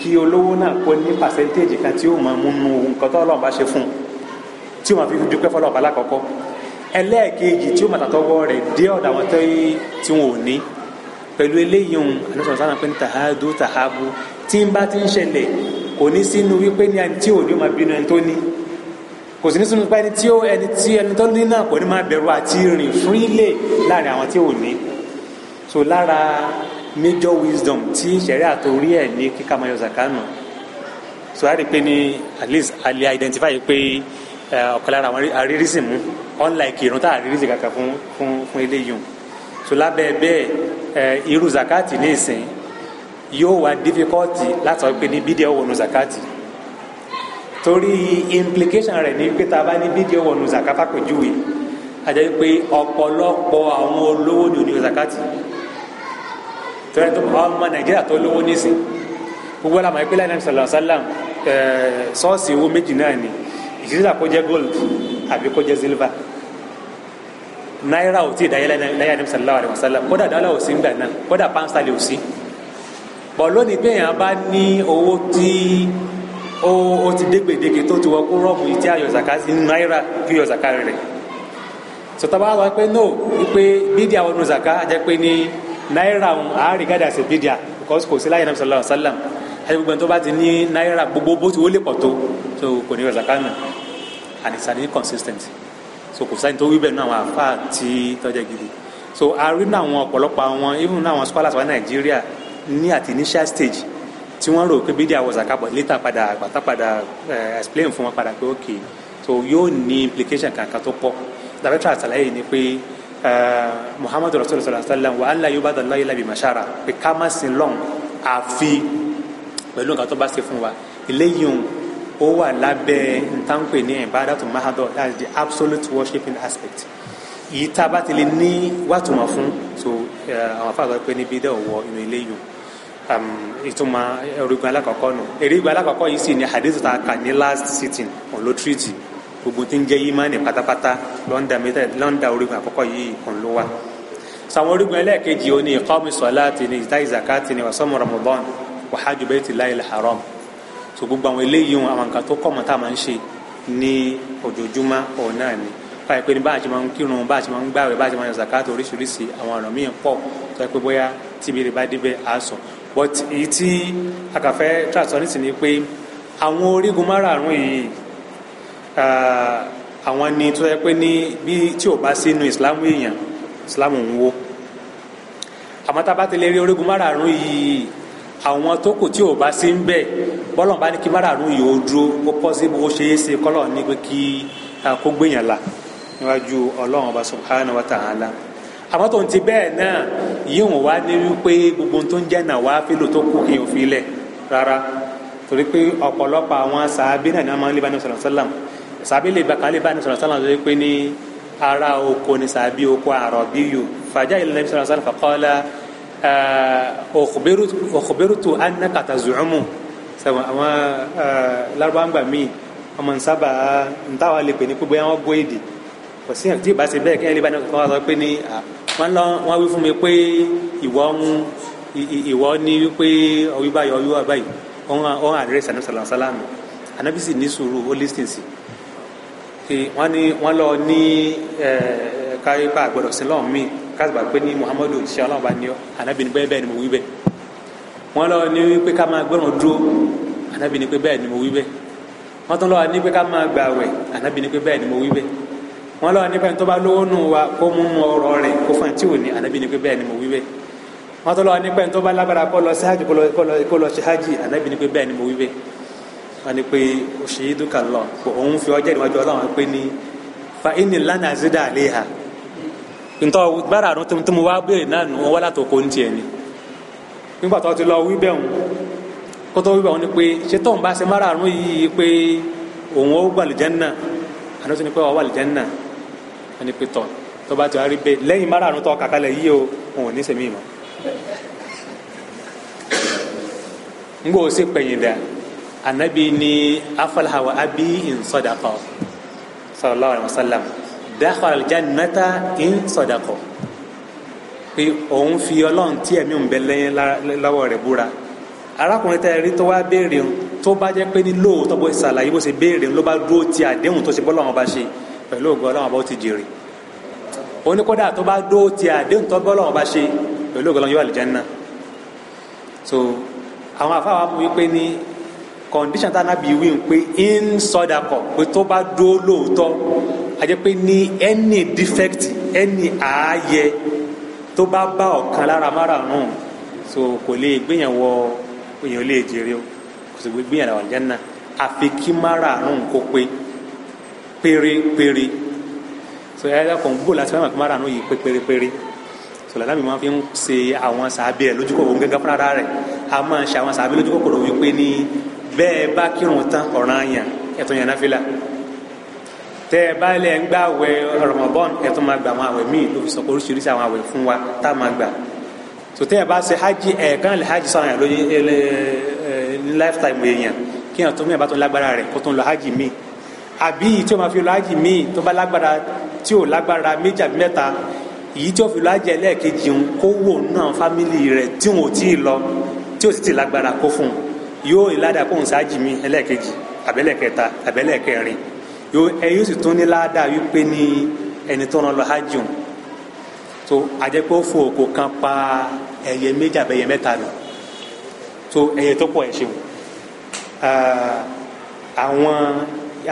kí olówó náà kó ní pàṣẹ́ntéèjì kan tí ó máa mú nu nǹkan tó Ọlọ́run bá ṣe fún un tí ó máa fi dúpẹ́ fọlọ́ọ̀bá lákọ̀ọ́kọ́ ẹlẹ́ẹ̀kejì tí ó máa tàtọ́wọ́ rẹ̀ dé ọ̀dà wọn tí wọn ò ní pẹ̀lú eléyìí ohun àlọ́sọ̀rọ̀ sáà pé ní tàhádó tàhábó tí ń bá ti ń ṣẹlẹ̀ kò ní sínú wípé ní ẹni tí ò ní máa bínú ẹni tó ní kò sí ní sínú pé ẹni tí ó ẹni tí ẹni tó ní náà kò ní máa bẹ̀rù àti rìn fúrílẹ̀ láàrin àwọn tí ò ní so lára major wisdom tí sẹ̀rí àtòrí ẹ̀ ní kíkà máa yọ zaka so a rí pé ní at least a identify pé ọ̀kan lára àwọn arírísì mú unlike irun tá arírísì kàkà fún fún fún eléyìí so lábẹ́ bẹ́ẹ̀ irú zakati ní ìsìn yóò wá difficulty láti sọ pé ní bídíẹ̀ wọnú zakati torí implication rẹ̀ ní pé tá a bá ní bídíẹ̀ wọnú zakati fàpèjúwe àjẹ́ pé ọ̀pọ̀lọpọ̀ àwọn olówó ni ò ní zakati tọ́lá tó ọmọ nàìjíríà tó lówó nísìn gbogbo àlàmọ́ ẹ pé láì nàìjíríà sàlám sàlám sọ́ọ̀sì owó méjì náà ni ìṣísílà kó jẹ́ gold àbí kó jẹ́ silver náírà ò tí ì dáyé láyé àdìmísà lọ́wọ́ àdìmísà sàlám kódà dọ́là ò sí ńgbà náà kódà pánṣá lè ò sí bọ̀ lónìí pé èèyàn bá ní owó tí ó ti dégbèdéke tó ti wọ kó rọ́ọ̀bù yìí tí ayọ̀sàká sí náírà bí ọ̀sàká rẹ̀ sọ̀tàbá wa pé no wípé bídìí àwọn ọ̀nà ọ̀sàká ajẹ́ pé ní náírà àárí gádà sí bídíà because kò sí láyé nàbí sallallahu alaihi wasallam àti gbogbo ẹni tó bá ti ní náírà gbogbo bó ti wọlé pọ̀ tó so kò ní rẹ̀sàkà náà and it's an inconsistency so kò sáyìn tó wí bẹ́ẹ̀ náà àwọn àfa ti tọ́jà gidi so a rí náà àwọn ọ̀pọ̀lọpọ̀ àwọn even náà àwọn scholars wa Nàìjíríà ní at initial stage tí wọ́n rò pé bídíà was àkàbọ̀ later padà àgbàtà padà eh, explain fún wọn padà pé okay so yóò ní implication kankan tó pọ̀ dàbẹ́tà àtàlàyé ni pé Eh, muhammadu rasulillah sallallahu alaihi wa sallam wa an la yubadala layi labi masara pé ká má sin lọ́n àfi pẹ̀lú nǹkan tó bá ṣe fún wa eléyìí ó wà lábẹ́ ntánpẹ̀ ní ìbádàtú mahadum that's the absolute worshiping aspect yìí tá a bá ti lè ní wàtúmọ̀ fún so eh, àwọn afáàgbà pé níbi dẹ́ ọ̀wọ́ inú eléyìí ìtumọ̀ erigun alákọ̀ọ́kọ́ nù erigun alákọ̀ọ́kọ́ yìí sì ni hadith ta kà ní last sitting on lo gbogbo tí ń jẹ́ ìmánì pátápátá lọ́ndà orígun àkọ́kọ́ yìí kan ló wà sàwọn orígun ẹlẹ́ẹ̀kejì ó ní ìkọ́mi sọ̀láàtì ní ìta ìzàkáàtì ní wàsọ́mù ramadan wa hajju bayti láì haram so gbogbo àwọn eléyìí ohun àwọn nǹkan tó kọ́ mọ́ta máa ń ṣe ní ojoojúmọ́ òun náà ni báyìí pé ní báyìí máa ń kírun báyìí máa ń gbàwẹ̀ báyìí máa ń zàkáàtì oríṣiríṣi àwọn ọ̀nà míì pọ̀ sọ pé bóyá tíbi rẹ̀ bá débẹ̀ á sọ but ni pé àwọn orígun márààrún àwọn ni tó yẹ pé ní bí tí ò bá sínú ìsìlámù èèyàn ìsìlámù ń wó àmọ́ tá a bá ti lè rí orígun márààrún yìí àwọn tó kù tí ò bá sí ń bẹ bọ́lọ̀ bá ní kí márààrún yìí ó dúró ó pọ́ sí bó ṣe é ṣe kọ́lọ̀ ní pé kí kó gbìyàn là níwájú ọlọ́run ọba subhanahu wa ta'ala àmọ́ tó ń ti bẹ́ẹ̀ náà yìí wọ́n wá ní wípé gbogbo tó ń jẹ́ náà wá fílò tó kù kí n ò fi lẹ̀ rárá torí pé ọ̀pọ̀lọpọ̀ àwọn sàábí náà ni wọ́n máa ń lé bá ní sàlámù sàbí lè bá kálí báyìí sọ̀rọ̀ sálà lórí pé ní ara oko ni sàbí oko àrọ̀bíyù fàjà ìlànà ibi sọ̀rọ̀ sálà fàkọ́lá ọ̀kùbẹ́rùtù anakata zuumu sẹ́wọ̀n àwọn lárúbáwá gbà míì ọmọ nsábà ntáwa lè pè ní pé bóyá wọ́n gbọ́ èdè kò sí àti ìbáṣe bẹ́ẹ̀ kí ẹ lè bá ní ọ̀kọ̀ wá sọ pé ní wọ́n lọ wọ́n wí fún mi pé ìwọ ń ìwọ ní wípé ọwí báyìí ọwí wà báyìí ọ̀hún àdírẹ́sì ànábì sàlámù ànábì sì ní sùúrù ó pé wọ́n ní wọ́n lọ ní káyọ̀ bá àgbọ̀dọ̀ sí lọ́wọ́ mi kásìgbà pé ní Muhammadu ṣe ọlọ́ọ̀bá ni ọ anábìíní bẹ́ẹ̀ bẹ́ẹ̀ ni mo wí bẹ́ẹ̀ wọ́n lọ ní pé ká máa gbọ́ràn dúró anábìíní pé bẹ́ẹ̀ ni mo wí bẹ́ẹ̀ wọ́n tún lọ ní pé ká máa gbààwẹ̀ anábìíní pé bẹ́ẹ̀ ni mo wí bẹ́ẹ̀ wọ́n lọ ní pé tó bá lówó nù wa kó mú mu ọ̀rọ̀ rẹ̀ kó fún ẹtí òní anábìíní pé bẹ́ẹ̀ ni mo wí bẹ́ẹ̀ wọ́n tún lọ ní pé tó bá lágbára kó lọ sí hajj kó lọ sí hajj anábìíní pé bẹ́ẹ̀ ni mo wí bẹ́ẹ̀ wọn ni pé òṣèyídú kan lọ kò òun fi ọjọ́ ìwájú ọlọ́run pé ní fa inni lánà zidà àléhà ntọ́ gbára àrùn tó mo wá béèrè náà nù wọ́n látò kó ń tiẹ̀ ni nígbà tó ti lọ wí bẹ́ẹ̀ kó ni pé bá ṣe mára àrùn yìí pé òun ó gbà àlùjánnà àná tó ní pé wà wà ni pé tọ̀ tó bá ti wá rí bẹ́ẹ̀ lẹ́yìn mára àrùn tó kàkálẹ̀ yìí o anabi ni afalaha wa abi in sadaqa sallallahu alaihi wa sallam dakhala aljannata in sadaqa pé òun fi ọlọ́run tí ẹ̀mí òun bẹ lẹ́yìn lọ́wọ́ rẹ̀ búra arákùnrin tẹ́ rí tó wá béèrè ń tó bá jẹ́ pé ní lóòótọ́ bó ṣàlàyé bó ṣe béèrè ń ló bá dúró ti àdéhùn tó ṣe bọ́lọ́run bá ṣe pẹ̀lú ògo ọlọ́run bá ti jèrè oníkódà tó bá dúró ti àdéhùn tó bọ́lọ́run bá ṣe pẹ̀lú ògo ọlọ́run yóò wà lè jẹ́ náà so àwọn afáwa mú wípé ní Condition tá a nábì wí in sọ́dakọ̀ pé tó bá dúró lóòótọ́ a jẹ́ pé ní any defect any ààyè tó ba bá ọ̀kan lára márààrún so kò lè gbéyàn wọ èèyàn lè jèrè o kò sì gbéyàn làwọn àlùjánnà àfi kí márààrún kó pé pérépéré so ẹ dákun bó láti fẹ́ràn kí márààrún yìí pé pérépéré sọlá mi máa fi ń ṣe àwọn sàábẹ lójúkòkòrò gẹ́gẹ́ fúnra rẹ̀ a máa ṣe àwọn sàábẹ lójúkòkòrò wípé ní bẹ́ẹ̀ bá kírun tán ọ̀ranyàn ẹ tún yàn náfìlà tẹ́ ẹ bá lẹ̀ ń gbààwẹ̀ Ramadan ẹ tún máa gbà àwọn àwẹ̀ míì ló fi sọ pé oríṣiríṣi àwọn àwẹ̀ fún wa tá a máa gbà tó tẹ́ ẹ bá ṣe hajj ẹ̀ẹ̀kan lè hajj sọ̀rọ̀ yàn lóye lifetime èèyàn kí èèyàn tó mẹ́ẹ̀ bá tó lágbára rẹ̀ kó tó ń lọ hajj míì àbí yìí tí o máa fi lọ hajj míì tó bá lágbára tí ò lágbára méjì àbí mẹ́ta yìí tí o fi lọ hajj ẹlẹ́ẹ̀kejì ń kó náà fámìlì rẹ̀ tí wọn ò lọ tí ò sì ti lágbára kó fún un yóò ní ládàá kóhùn sáájì mi ẹlẹ́ẹ̀kejì àbẹ́lẹ́kẹta àbẹ́lẹ́kẹrin yóò ẹ yóò sì tún ní ládàá wípé ní ẹni tó rán lọ hajj òun so àjẹpẹ́ ó fò òkò kan pa ẹyẹ méjì àbẹ́yẹ mẹ́ta lọ so ẹyẹ tó pọ̀ ẹ̀ ṣeun àwọn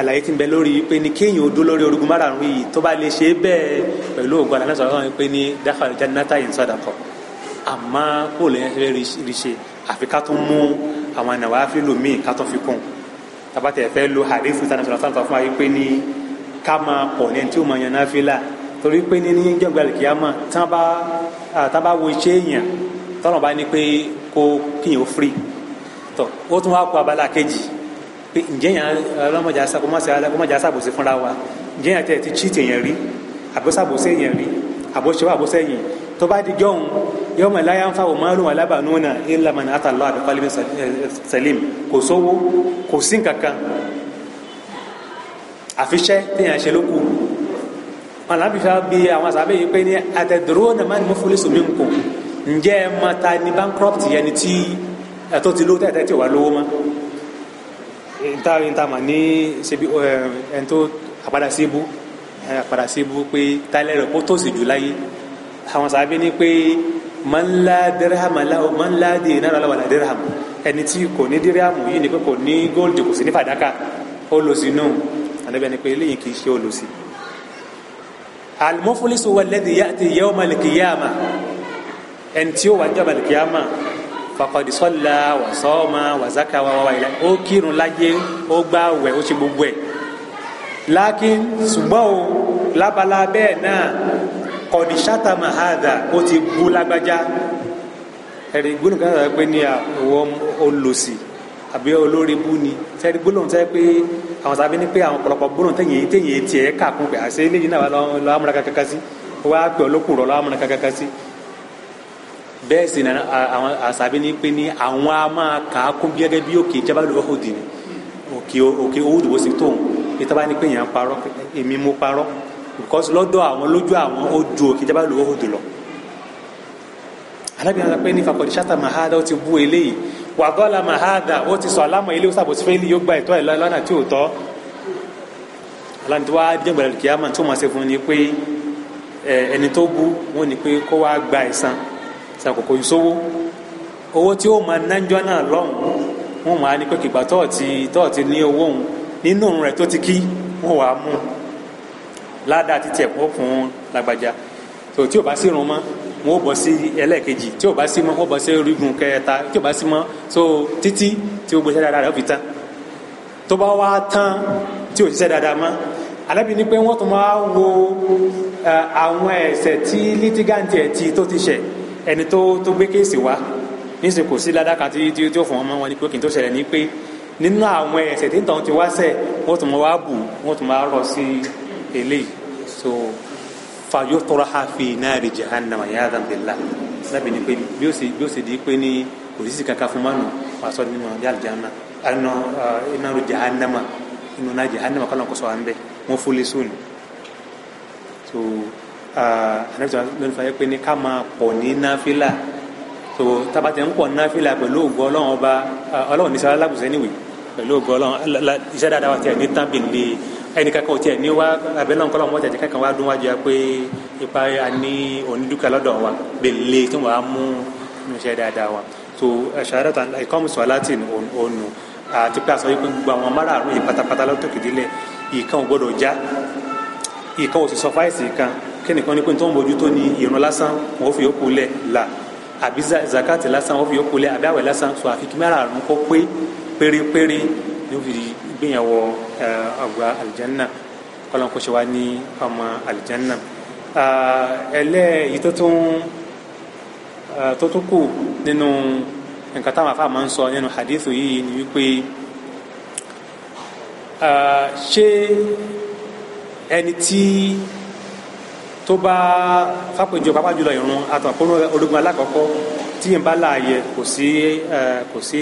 àlàyé tí ń bẹ lórí pé ní kéèyàn odó lórí orogun márààrún yìí tó bá lè ṣe é bẹ́ẹ̀ pẹ̀lú ògùn aláǹsọ̀ àwọn pé ní dakhala jannata in sadaqa àmọ́ kó lè ṣe àfi ká mú àwọn nàwáfílù míì ká tó fi kún tabatẹ fẹ́ lo hadith sani sọlá sọlá fún wa yìí pé ní ká máa pọ̀ ní tí ó máa yan náfílà torí pé ní ní jọ̀gbà kìyàmà tán bá wo iṣẹ́ èèyàn tọ́nà bá ní pé kó kíyàn ó firi tọ́ ó tún wá kó abala kejì pé ǹjẹ́ yàn ọlọ́mọdé asakọ́mọsẹ́ ọlọ́mọdé asàbòsí fúnra wa ǹjẹ́ yàn tẹ̀ ti chíìtì èèyàn rí àbọ̀sàbòsí èèyàn rí àbọ̀ṣẹ́wà àbọ̀sẹ́yìn tó bá di jọ́hún yawma la yanfa'u malun wala banuna illa man ata Allah bi qalbin eh, salim kò sówó kò sí nǹkankan àfiṣẹ́ téèyàn ṣe ló kù wọn làbí fẹ́ bí àwọn àṣàbẹ̀ yìí pé ní atadruna man muflisu minkum ǹjẹ́ ẹ máa ta ni bankrupt yẹn ni tí ẹ̀tọ́ ti lówó tẹ́tẹ́ tí ò wá lówó mọ́ nta nta mà ní ṣebi ẹ̀ńtó àpadà sí ibú àpadà sí ibú pé tálẹ̀ rẹ̀ kó tòsí jù láyé àwọn sàbí ni pé man la dirhama lahu man la dinara lahu wala dirham ẹni tí kò ní díríàmù yìí ni pé kò ní góòlù kò sí ní fàdákà olùsí náà àdàbí ẹni pé eléyìí kì í ṣe olùsí. al-muflisu walladhi ya'ti yawma al-qiyama ẹni tí ó wà níjọba al-qiyama faqad salla wa sama wa zaka wa wa ilẹ̀ ó kírun láyé ó gbààwẹ̀ ó ṣe gbogbo ẹ̀. lákìn ṣùgbọ́n o lábala bẹ́ẹ̀ náà kọ̀dí ṣáta mahada ó ti bú lágbájá ẹ̀rí gbólóhùn kan sọ pé ní àwọn olùsì àbí olórí bú ni sẹ́ẹ̀rí gbólóhùn sọ pé àwọn sábẹ́ ní pé àwọn ọ̀pọ̀lọpọ̀ gbólóhùn téyìn téyìn tiẹ̀ kà kún pé àṣẹ eléyìí náà lọ́wọ́ amúra kankan sí wọ́n á pè ọlọ́kùn rọ̀ lọ́wọ́ amúra kankan sí bẹ́ẹ̀ sì ni àwọn àṣàbẹ́ ní pé ní àwọn a máa kà á kún gẹ́gẹ́ bí òkè jábàlú ọ̀hún dì ní òkè òkè owó dìbò sí tóun ìtọ́ba ní pé yẹn ń parọ́ èmi mo parọ́ because lọ́dọ̀ àwọn lójú àwọn ó ju òkè jábá lówó odò lọ alábìyàn sọ pé ní fakọ̀dé sátà mahada ó ti bú eléyìí wàgọ́lá mahada ó ti sọ alámọ̀ ilé ó sàbòsí fẹ́lí yóò gba ìtọ́ ẹ̀ lọ́nà tí ò tọ́ aláǹtiwá jẹ́gbẹ̀rẹ̀ kìámà tó máa ṣe fún ni pé ẹni tó bú wọn ni pé kó wá gba ẹ̀san ṣàkókò ìṣòwò owó tí ó máa nájọ́ náà lọ́hùn wọn máa ní pé kìgbà tọ́ọ̀tì tọ́ọ̀tì ní owó òun nínú rẹ̀ tó ti kí wọn wàá mú un ládàá títí ẹ̀kọ́ fún lágbájá tó tí o bá sí irun mọ́ wọn ó bọ́ sí ẹlẹ́ẹ̀kejì tí o bá sí mọ́ wọn ó bọ́ sí orígun kẹta tí o bá sí mọ́ so títí tí o gbèsè dáadáa rẹ̀ ó fi tán tó bá wá tán tí o ṣiṣẹ́ dáadáa mọ́ alábì ní pé wọ́n tún máa wo àwọn ẹ̀ṣẹ̀ tí lítígáǹtì ẹ̀ ti tó ti ṣẹ̀ ẹni tó tó gbé kéèsì wá níṣẹ́ kò sí ládàkà tí tí ó fún ọmọ wọn ni pé kì í tó ṣẹlẹ̀ ni pé nínú àwọn ẹ̀ṣẹ̀ tí tọ̀hún ti wá ṣẹ̀ wọ́n tún máa wá bù wọ́n tún máa rọ̀ sí i eléyìí so fayotoroha fi nari jahannama yaadam billah lábẹ́ ni pé bí ó ṣe bí ó ṣe di pé ní òṣìṣẹ́ kankan fún mánu wàásù nínú yàlìjáná àná ináru jahannama inú náà jahannama kọ́lọ́n kọ́sọ́ à so anabi sọ̀rọ̀ lónìí fàyẹ́ pé ní ká máa pọ̀ ní náfìlà so tabatẹ̀ ń pọ̀ ní náfìlà pẹ̀lú ògùn ọlọ́run ọba ọlọ́run ní sọ alábùsẹ́ níwèé pẹ̀lú ògùn ọlọ́run iṣẹ́ dáadáa wà tí a ní tábìlì ẹnìkankan ò tiẹ̀ ní wá abẹ́lẹ́ ọ̀nkọ́lọ́ ọmọ jàjẹ́ kankan wá dún wájú ya pé ipa a ní onídùúkà lọ́dọ̀ wa bẹ́ẹ̀ lé tí wọ́n á mú iṣẹ́ dáadáa wa so ṣàrẹ́ tán ẹ̀kọ́ mùsùlùmí láti ònu àti pé àsọ yìí pé gbogbo àwọn márààrún yìí pátápátá lọ́tọ̀kìdílẹ̀ ìkan ò gbọ́dọ̀ já ìkan ò sì sọ fáìsì kan kẹ́nìkan ní pé tó ń bójú tó ní ìrun lásán wọn ò fi yókù lẹ̀ là àbí zakati lásán wọn ò fi yókù lẹ̀ àbí àwẹ̀ lásán so àfi kí gbìyànwó ọgbà aljanna kọlọ́n kó ṣe wá ní ọmọ aljanna ẹlẹ́ èyí tó tún tó tún kù nínú nǹkan táwọn afáà máa ń sọ nínú hadithu yìí ni wípé ṣé ẹni tí tó bá fápéjọ pápá jùlọ ìrun àtàkùn ológun alákọ̀ọ́kọ́ tí yẹn bá láàyè kò sí kò sí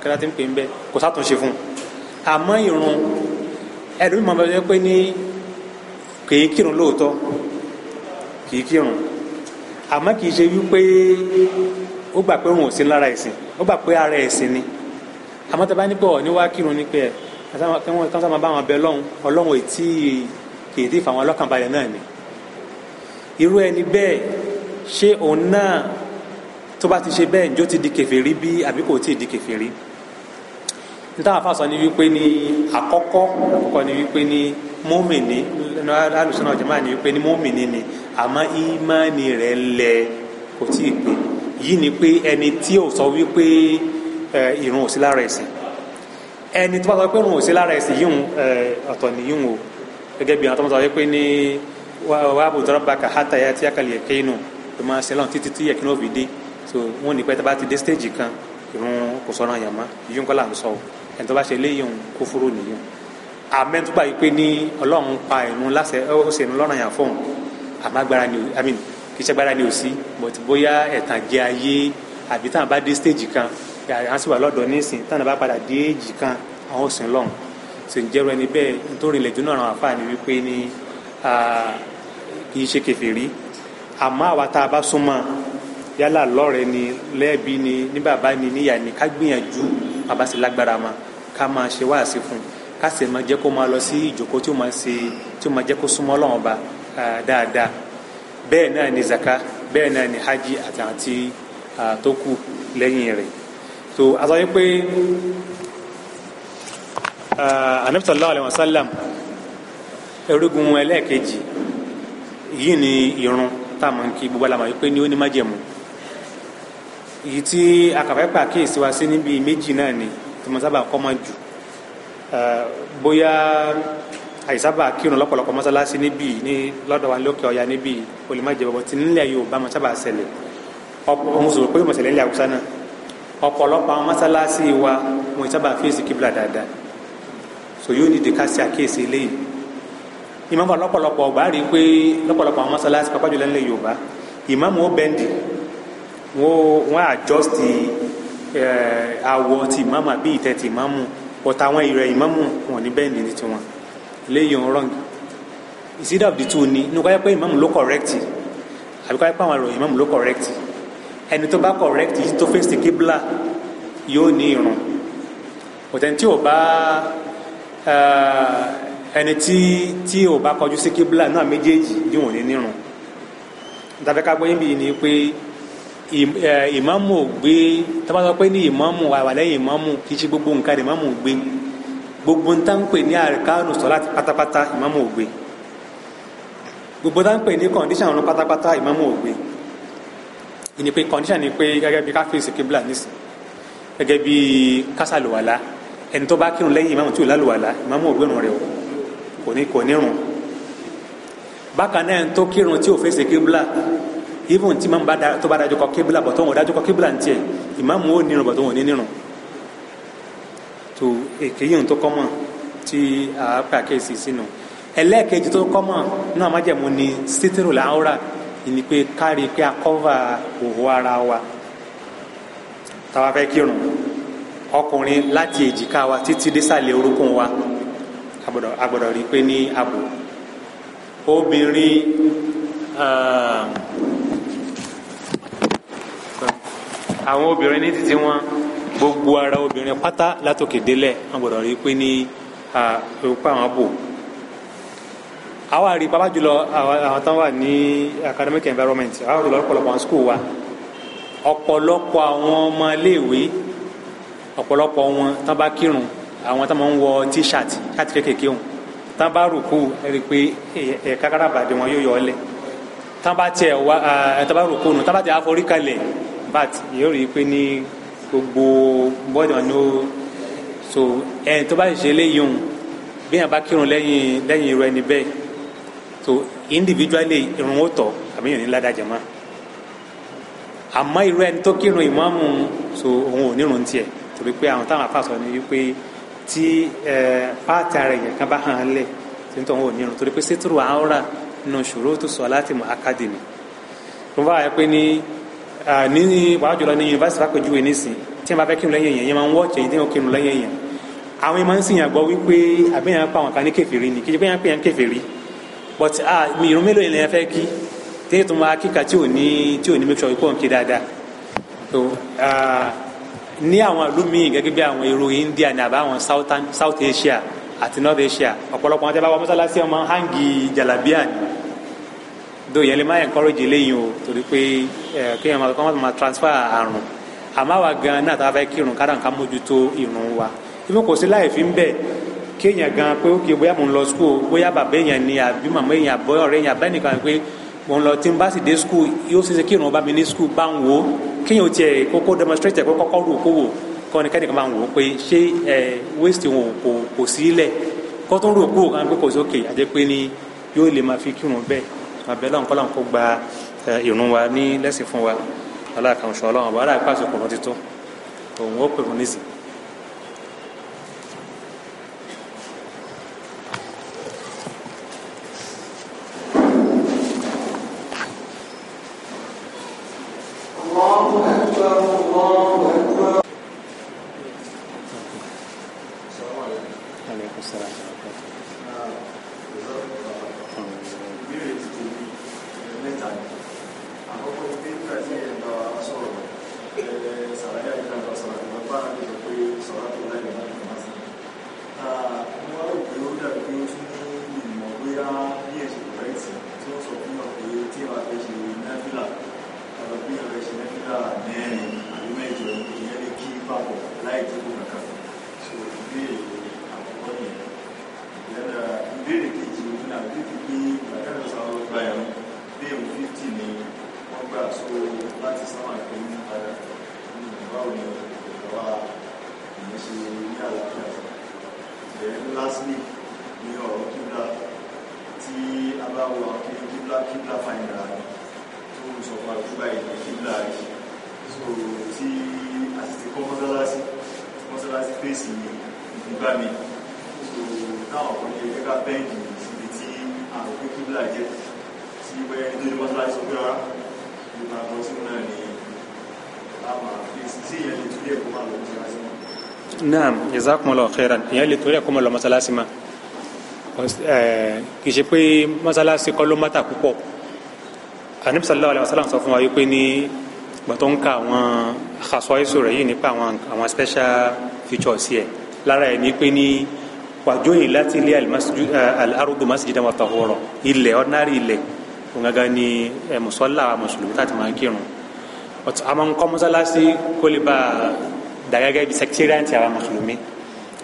kí ló ń pè ń bẹ kò sátúnṣe fún un àmọ́ ìrun ẹlòmí mọ̀ bẹ́ẹ̀ pé ní kìí kírun lóòótọ́ kìí kírun àmọ́ kìí ṣe wípé ó gbà pé òun ò sí lára ẹ̀sìn ó gbà pé ara ẹ̀sìn ni àmọ́ tá a bá ní pé ọ̀ ní wá kírun ní pé ẹ̀ kí wọ́n bá wọn bẹ lọ́hùn ọlọ́hùn ètí kìí tí fàwọn ọlọ́kànbalẹ̀ náà ni irú ẹni bẹ́ẹ̀ ṣé òun náà tó bá ti ṣe bẹ́ẹ̀ njó ti di kèfèrí bí àbí kò tí ì di kèfèrí níta àfa sọ ni wípé ní àkọ́kọ́ àkọ́kọ́ ni wípé ní mọ́mìnì alùsùnà ọ̀jọ̀mọ́ ni wípé ní mọ́mìnì ni àmọ́ ìmánì rẹ̀ lẹ kò tí ì pé yìí ni pé ẹni tí ò sọ wípé ìrun ò sí lára ẹ̀sìn ẹni tó bá sọ pé ìrun ò sí lára ẹ̀sìn yíhun ọ̀tọ̀ nìyíhun o gẹ́gẹ́ bí àwọn tó ń sọ wípé ní wàá bò dọ́rọ́ bá kà hátà yá tí a kàlẹ̀ ẹ̀kẹ́ inú tó máa ṣe lọ́n títí tí ẹ̀kẹ́ náà fi dé so wọ́n ní pẹ́ tá bá ti dé stéèjì kan ìrun kò sọ̀rọ̀ àyàmá yíyún kọ́ là ń sọ o ẹni tó bá ṣe léyìn kúfúrú nìyẹn àmẹ́ tó gbà yìí pé ní ọlọ́run pa ìrun láṣẹ ó ṣe ìrun lọ́rùn yàn fún un àmọ́ agbára ni i mean kì í ṣe agbára ni ò sí but bóyá ẹ̀tàn jẹ ayé àbí táwọn bá dé stage kan àwọn sì wà lọ́dọ̀ nísìn táwọn bá padà dé èjì kan àwọn ò sìn lọ́run sì ń jẹ́rọ ẹni bẹ́ẹ̀ nítorí ilẹ̀ jóná àwọn àfáà ni wípé ní kì í ṣe kèfèrí àmọ́ àwa tá a bá súnmọ́ yálà lọ́rẹ̀ẹ́ ni lẹ́ẹ̀bí ni ní bàbá ni níyà ni ká gbìyànjú bàbá sì lágbára máa ká máa ṣe wáàsí fún ká sì máa jẹ́ kó máa lọ sí ìjòkó tí ó máa ṣe tí ó máa jẹ́ kó súnmọ́ Ọlọ́run ọba dáadáa bẹ́ẹ̀ náà ni zaka bẹ́ẹ̀ náà ni hajj àtàntí tó kù lẹ́yìn rẹ̀ so a sọ wípé Ànábì sallallahu alaihi wasallam erugun ẹlẹ́ẹ̀kejì yìí ni irun tá a máa kí gbogbo àlàmà wípé ni ó ní májẹ̀mú èyí tí akàfẹ́ pàkíyèsí wa sí níbi méjì náà ni tí mo sábà kọ́ mọ́ jù bóyá àìsábà kírun lọ́pọ̀lọpọ̀ mọ́sálásí níbí ní lọ́dọ̀ wa lókè ọ̀yà níbí olùmọ̀jẹ̀ bọ̀bọ̀ tí nílẹ̀ Yorùbá mo sábà ṣẹlẹ̀ ọ̀pọ̀ mo sọ̀rọ̀ pé mo ṣẹlẹ̀ nílẹ̀ Haúsá náà ọ̀pọ̀lọpọ̀ àwọn mọ́sálásí wa mo sábà fèsì kíbla dáadáa so yóò ní ìdíkásí àkíyèsí eléyìí ìmáàmù lọ́pọ̀lọpọ̀ ọgbà rí i pé lọ́pọ̀lọpọ̀ àwọn mọ́sálásí pápá jùlọ nílẹ̀ Yorùbá ìmáàmù ó bẹ́ndì wọ́n adjust àwọ̀ eh, ti ìmáàmù àbí ìtẹ̀ ti ìmáàmù ọ̀tà àwọn ìrẹ̀ ìmáàmù wọn ní bẹ́ẹ̀ ní tiwọn léyìn ọ̀rọ̀ng ìsídà òdì tó ní inú káyọ̀ pé ìmáàmù ló kọ̀rẹ́kìtì àbí káyọ̀ pé àwọn àrò ìmáàmù ló kọ̀rẹ́kìtì ẹni tó bá kọ̀rẹ́kìtì tó fèsì kébìlà yóò ní irun òtẹ́ni tí ò bá eh, ẹni tí tí ò bá kọjú sí kébìlà náà méjèèjì bí wọn ò ní nírun ìtàfẹ́ ká gbọ́ yín bí ni pé ìmáàmù ò gbé tọ́ba sọ pé ní ìmáàmù àwàlẹ́yìn ìmáàmù kì í ṣe gbogbo nǹkan ní ìmáàmù gbé gbogbo ń tánpè ní àríkánù sọ́lá pátápátá ìmáàmù ò gbé gbogbo tánpè ní kọ̀ǹdíṣàn ọ̀run pátápátá ìmáàmù ò gbé ìní pé kọ̀ǹdíṣàn ni pé gẹ́gẹ́ bí káfíńsì kíbla nísìn gẹ́gẹ́ bí kásálùwàlá ẹni tó bá kírun lẹ́yìn ìmáàmù tí ò lálùwàlá ìmáàmù ò even tí imaamu bá da tó bá dájú kọ kébìlà bọ̀ tó wọn dájú kọ kébìlà ń tiẹ̀ imaamu ó nírun bọ̀ tó wọn ní nírun tó èké yìí tó kọ́ mọ̀ tí a pa kéèsì sínú ẹlẹ́ẹ̀kejì tó kọ́ mọ̀ náà má jẹ̀mú ni sítírù làwúrà ni pé kárí pé a kọ́va òwò ara wa táwa fẹ́ kírun ọkùnrin láti èjìká wa títí désàlẹ̀ orúnkún wa a gbọ́dọ̀ rí i pé ní ààbò obìnrin àwọn obìnrin ní títí wọn gbogbo ara obìnrin pátá látòkè délẹ̀ wọn gbọ́dọ̀ rí pé ní ìpá àwọn bò àwọn àrí bàbá jùlọ àwọn tán wà ní academic environment àwọn jùlọ ọ̀pọ̀lọpọ̀ àwọn school wa ọ̀pọ̀lọpọ̀ àwọn ọmọ ọ̀pọ̀lọpọ̀ wọn tán bá kírun àwọn tán máa ń wọ t-shirt láti kékèké wọn tán bá rùkú ẹ̀rí pé ẹ̀ka kárabàdé wọn yóò yọ ọ́ lẹ̀ tán bá tiẹ̀ wá tán bá rùkú nù tán bá tiẹ̀ àforíkalẹ̀ but yóò rí i pé ní gbogbo bọ́ọ̀dì wọn ló so ẹni tó bá ṣe léyìn òun bí yàn bá kírun lẹ́yìn lẹ́yìn irú ẹni bẹ́ẹ̀ so individually irun ó tọ̀ àbí yàn ní ládàjẹ́ mọ́ àmọ́ irú ẹni tó kírun ìmáàmù so òun ò nírun tiẹ̀ torí pé àwọn táwọn afáàsọ ni wípé tí pààtì ara èèyàn kan bá hàn án lẹ̀ tí nítorí òun ò nírun torí pé sétúrò àárà nù ṣòro tó sọ láti mọ akademi tó bá wà pé ní ní wàá jùlọ ní yunifásitì lápèjúwe nísìn tí wọn bá fẹ́ kírun lẹ́yìn èèyàn yẹn máa ń wọ ọ̀chẹ̀ yìí tí wọn kírun lẹ́yìn èèyàn àwọn yẹn máa ń sìn yàn gbọ́ wípé àbẹ̀yàn pa àwọn kan ní kèfèrí ni kíjọba yẹn pè yàn kèfèrí but mi irun mélòó yẹn fẹ́ kí tí tó máa kíkà tí ò ní tí ò ní make sure pé òun kí dáadáa so ní àwọn ìlú míì gẹ́gẹ́ bí àwọn irú India ní àbáwọn South Asia àti North Asia ọ̀pọ̀lọpọ̀ wọn tẹ́ bá wọ mọ́sálásí ọmọ hangi jalabiya ni do yẹn lè má encourage eléyìí o torí pé kéèyàn máa kọ́ máa transfer àrùn àmọ́ wa gan náà tá a fẹ́ kírun kára nǹkan mójútó ìrun wa ibi kò sí láì fi ń bẹ̀ kéèyàn gan pé ó kì í bóyá mo ń lọ school bóyá bàbá èèyàn ni àbí màmá èèyàn àbọ̀ ọ̀rẹ́ èèyàn abẹ́ nìkan pé mo ń lọ tí n bá sì dé school yóò ṣeéṣe kírun bá mi ní school bá ń wò kéèyàn ó tiẹ̀ kókó demonstrate kó kọ́kọ́ rò kó wò máa ń wò ó pé ṣé waste abẹ́lẹ́ ọ̀nkọ́lá ń kó gba ìrun wa ní lẹ́sìn fún wa aláàkànṣọ ọlọ́run ọba aláàpàṣẹ kò rántí òun ó pè fún nísìn. Alaikum salam. jazakumullahu khairan ìyẹn lè torí ẹ̀ kó mọ̀ lọ mọ́sálásí ma kì í ṣe pé mọ́sálásí kọ́ ló mátà púpọ̀ Ànábì sallallahu alaihi wasallam sọ fún wa wípé ní gbọ́tọ̀ ń ka àwọn àkàsọ́yèsò rẹ̀ yìí nípa àwọn àwọn special features yẹ lára ẹ̀ ní pé ní wàjọ yìí láti ilé masjid ardu masjidan wa tahura ilẹ̀ ordinary ilẹ̀ òǹgàgà ni mùsọ́lá mùsùlùmí láti máa kírun àmọ́ ń kọ́ mọ́sálásí kó dàgẹ́gẹ́ bí sẹkítírìàǹtì àwa mùsùlùmí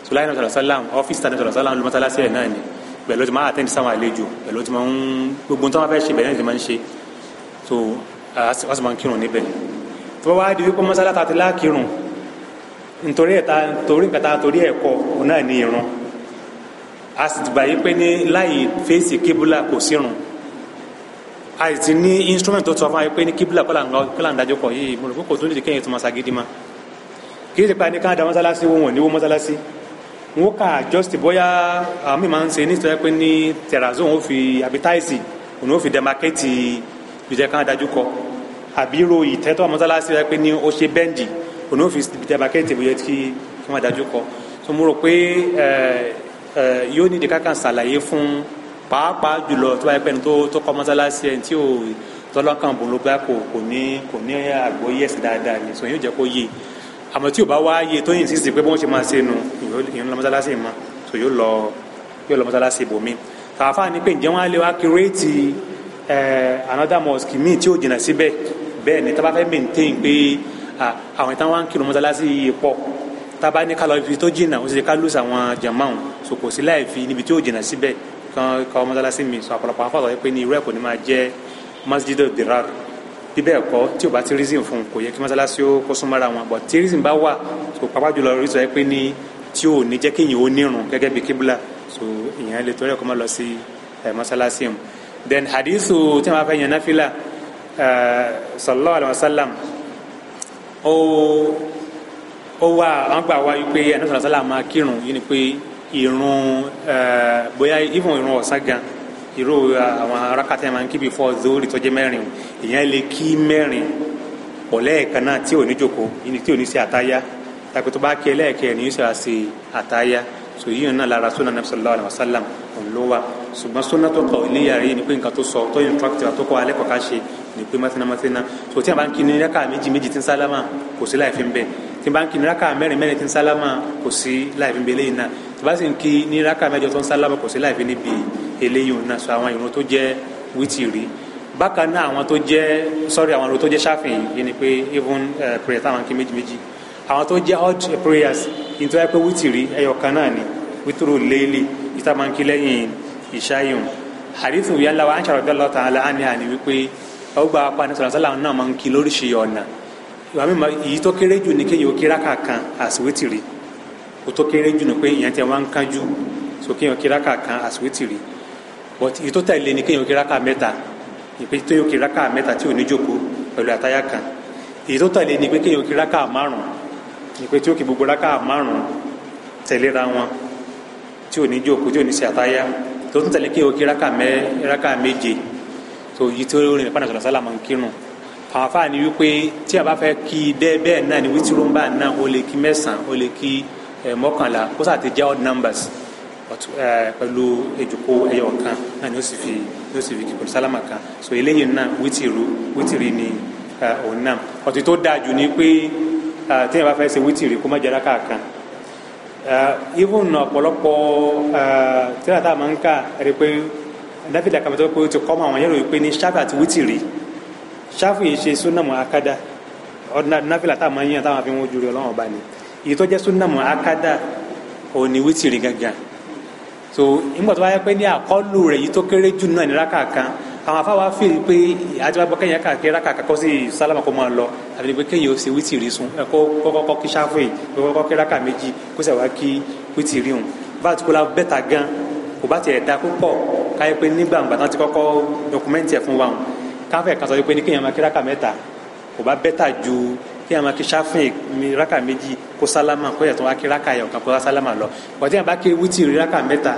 sọláyìn náà sọlá sálàm ọ́fíìsì tàbí sọlá sálàm ló mọ́tálásí ẹ̀ náà ni pẹ̀lú ti máa àtẹ́ǹdì sáwọn àlejò pẹ̀lú ti máa ń gbogbo tó máa fẹ́ ṣe bẹ̀rẹ̀ ti máa ń ṣe so wọ́n sì máa ń kírun níbẹ̀ tó bá wá di wípé mọ́sálá ta ti lá kírun nítorí ẹ̀ta torí nǹkan ta torí ẹ̀kọ́ náà ni irun a sì ti gbàyé pé ní láì fèsì kíbúlà kò sírun a sì ti ní instrument tó sọ fún wa pé ní kíbúlà kọ́là ń dájọ́ pọ̀ yìí mo rò pé kò tún lè kéèyàn tó máa ṣagídí máa kì í ṣe pé àní ká da mọ́sálásí wọn ò ní wó mọ́sálásí wọn kà just bóyá àwọn mi máa ń ṣe nítorí pé ní terrazzo wọn fi abitaisi òun ó fi dẹmakẹ́tì ìjẹ́ kan dájú kọ àbírò ìtẹ́tọ́ mọ́sálásí wọn pé ní ó ṣe bẹ́ǹdì òun ó fi dẹmakẹ́tì ìjẹ́ kí wọ́n dájú kọ so mo rò pé yóò nídìí kákan ṣàlàyé fún pàápàá jùlọ tó bá yẹ pé ní tó kọ́ mọ́sálásí ẹni tí ò tọ́lọ́kàn bò ló bá kò ní àgbóyè ẹ̀sìn dáadáa ni so yóò jẹ́ kó yé e àmọ́ tí o bá wá yé tó insist pé bọ́n ṣe máa ṣe nu ìyẹn lọ mọ́sálásí mọ́ so yóò lọ yóò lọ mọ́sálásí bòmí tààfà ni pé ǹjẹ́ wọ́n á lè wá kírètì another mosque míì tí ó jìnnà síbẹ̀ bẹ́ẹ̀ ni tá a bá fẹ́ maintain pé àwọn ìtàn wa ń kírun mọ́sálásí yìí pọ̀ tá a bá ní kálọ̀ ibi tó jìnnà ó sì ṣe ká lùsà àwọn jàmáà so kò sí láì fi níbi tí ó jìnnà síbẹ̀ kan kọ́ mọ́sálásí mi so àpọ̀lọpọ̀ afọ́ àtọ̀ pé ní irú ẹ̀ kò dirar bí bẹ́ẹ̀ kọ́ tí o bá ti reason fún un kò yẹ kí mọ́sálásí ó kó súnmọ́ra wọn but tí reason bá wà so pàápàá jùlọ reason yẹ pé ní tí ò ní jẹ́ kí èyàn ó nírun gẹ́gẹ́ bí kíbla so èyàn lè torí ẹ̀kọ́ máa lọ sí mọ́sálásí mu then hadithu tí a máa fẹ́ yan náfìlà sallallahu alayhi wa sallam ó ó wà wọn gbà wá wípé ẹ̀ náà sallallahu alayhi wa sallam máa kírun yìí ni pé ìrun bóyá ìfún ìrun ọ̀sán gan-an irú uh, àwọn arákàtà máa ń kí before zori tó jẹ́ mẹ́rin èèyàn lè kí mẹ́rin pọ̀ lẹ́ẹ̀kan náà tí ò ní jòkó tí ò ní ṣe àtáyá tàbí tó bá kí ẹlẹ́ẹ̀kẹ́ ẹ̀ ní yóò ṣe àtáyá so yíyan náà lára sunna nabi sallallahu alayhi wa òun ló wà ṣùgbọ́n sunna tó kọ iléyà rí ni pé nǹkan tó sọ tó yin tractor tó kọ alẹ́ kọ̀ọ̀ká ṣe ni pé mọ́tínà mọ́tínà so tí a bá ń kí ni rákà méjì méjì tí ń sálámà kò sí láì fi ń bẹ̀ tí a bá ń kí ni rákà mẹ́rin mẹ́rin tí ń sálámà kò sí láì fi ń bẹ̀ lẹ́yìn náà tí a bá sì ń kí ni rákà mẹ́jọ tó ń sálámà kò sí láì fi níbi eléyìí òun náà so àwọn ìrun tó jẹ́ wítìrì bákan náà àwọn tó jẹ́ sorry àwọn ìrun tó jẹ́ ṣáfihàn yìí ni pé even uh, eh, prayer táwọn kí méjì àwọn tó jẹ́ odd prayers ní tó yẹ pé wítìrì ẹyọ kan náà ni wítìrì léèlì yìí tá máa ń kí lẹ́yìn ìṣáyùn hadithu yẹn lawa an ṣàròbí ọlọ́ta ala ani ani wípé ọgbà apani sọ̀rọ̀ sọ́la náà máa ń kí lóríṣi ọ̀nà ìwà mímọ èyí tó kéré jù ó tó kéré jù ní pé ìyẹn tí wọ́n ń kánjú so kéèyàn rákà kan àsìwítìrì but èyí tó tẹ̀lé ni kéèyàn kí rákà mẹ́ta ìpè tó yóò kí rákà mẹ́ta tí ò ní jókòó pẹ̀lú àtayá kan èyí tó tẹ̀lé ni pé kéèyàn kí rákà márùn ìpè tí ó kí gbogbo rákà márùn tẹ̀léra wọn tí ò ní jókòó tí ò ní ṣe àtayá tó tún tẹ̀lé kéèyàn kí rákà mẹ́ rákà méje tó yí tó rìn lẹ́pàdà sọ̀rọ̀ sálàmù kírun àwọn afáàní wípé tí a bá fẹ́ kí bẹ́ẹ̀ bẹ́ẹ̀ náà ni wítírúmbà náà ó lè kí mẹ́sàn-án ó lè kí mọ́kànlá kó sáà ti odd numbers pẹ̀lú ìjòkó ẹyọ kan náà ni ó sì fi ni ó sì fi kìpẹ̀lú sálámà kan so eléyìí náà wítìrú wítìrì ni òun náà ọ̀tí tó dáa jù ni pé téèyàn bá fẹ́ ṣe wítìrì kó má jẹ́ rákà kan even ọ̀pọ̀lọpọ̀ tíra tá a máa ń kà rí pé dáfídà kan tó pé ó ti kọ́ mọ́ àwọn yẹ́rọ yìí pé ní ṣáfì àti wítìrì ṣáfì yìí ṣe súnàmù akádá náfìlà tá máa ń yàn táwọn afi ń wojú rí ọlọ́run ọba ni èyí tó jẹ́ súnàmù akádá òun ni wítìrì so nígbà tó bá yẹ pé ní àkọlù rẹ̀ yìí tó kéré jù náà ní rákà kan àwọn afáwa fìrí pé àjẹbàbọ kẹyìn rákà kí rákà kan kọ sí sálámà kó máa lọ àbí pé kẹyìn ó ṣe wítìrì sùn kó kọ́kọ́ kí sáfì kọ́kọ́ kí rákà méjì kó sì wá kí wítìrì hùn bá a ti kó la bẹ́ta gan kò bá tiẹ̀ da púpọ̀ káyọ̀ pé nígbà gbàtàn ti kọ́kọ́ dọkumẹ́ntì ẹ̀ fún wa hùn káfẹ́ kan sọ pé ní kéèyàn máa kí rákà mẹ́ta kò bá bẹ́ta ju kí wọn máa kí sáfìn raka méjì kó sálámà kó yàtọ̀ wá kí raka yọ̀ kan kó wá sálámà lọ wọ́n tí wọn bá kí wítìrì raka mẹ́ta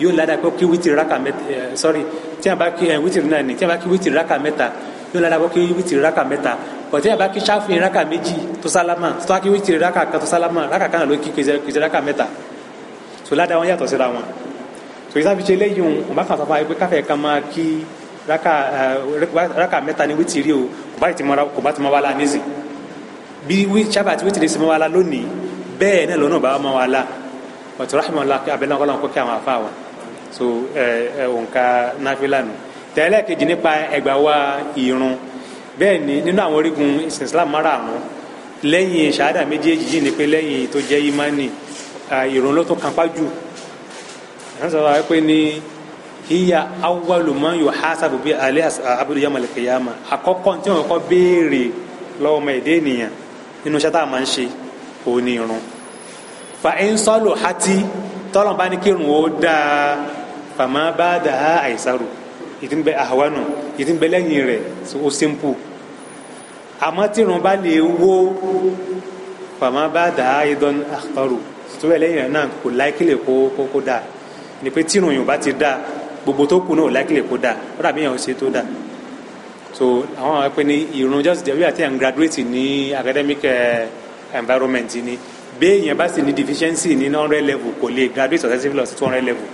yóò ládàá pé kí wítìrì raka mẹ́ta sorry tí wọn bá kí wítìrì náà ni tí wọn bá kí wítìrì raka mẹ́ta yóò ládàá pé kí wítìrì raka mẹ́ta wọ́n tí wọn bá kí sáfìn raka méjì tó sálámà tó wá kí wítìrì raka kan tó sálámà raka kan ló kí raka mẹ́ta so ládàá wọn yàtọ̀ síra so ìsáfiṣe lẹ́yìn òun bá kàn sọ kí raka raka mẹ́ta ni wítìrì o kò bá ti mọ wá lá nísìnyí bí sábà tí wítìrì sí mọ́ wa la lónìí bẹ́ẹ̀ náà lọ́nà bá mọ́ wa la ọ̀tún rahmanullah kí abẹ́lẹ́ ọkọ̀ lọ́nkọ́ kí àwọn afa wa so òǹkà náfìlà nù tẹ́lẹ̀ kejì nípa ẹgbà wa ìrun bẹ́ẹ̀ ni nínú àwọn orígun Islam márààrún lẹ́yìn ṣahada méjèèjì yìí ni pé lẹ́yìn tó jẹ́ imani ìrun ló tún kápá jù à ń sọ wa pé ní hiya awwalu man yuhasabu bi alẹ́ abudulayi malikiyama àkọ́kọ́ tí wọ́n kọ́ béèrè lọ́wọ́ ọmọ ẹ̀dẹ́ ènìyàn nínú iṣẹ́ tá a máa ń ṣe òun ni irun fa in saluhati tọ́lọ̀ bá ní kírun ó dáa fàmà bá dàá àìsàrò ìdí ń bẹ àhàwánù ìdí ń bẹ lẹ́yìn rẹ̀ ó simple àmọ́ tírun bá lè wó fàmà bá dàá idán àkàrò tó bẹ lẹ́yìn rẹ̀ náà kò láìkìlẹ̀ kó kó dáa ni pé tírun yóò bá ti dáa gbogbo tó kù náà ò láìkìlẹ̀ kó dáa ó dàbí èèyàn ṣe tó dáa so àwọn àwọn pé ní ìrun just the way àti àwọn graduate ní academic uh, environment ni béèyàn bá sì ní deficiency ní hundred level kò lè graduate successively lọ sí two hundred level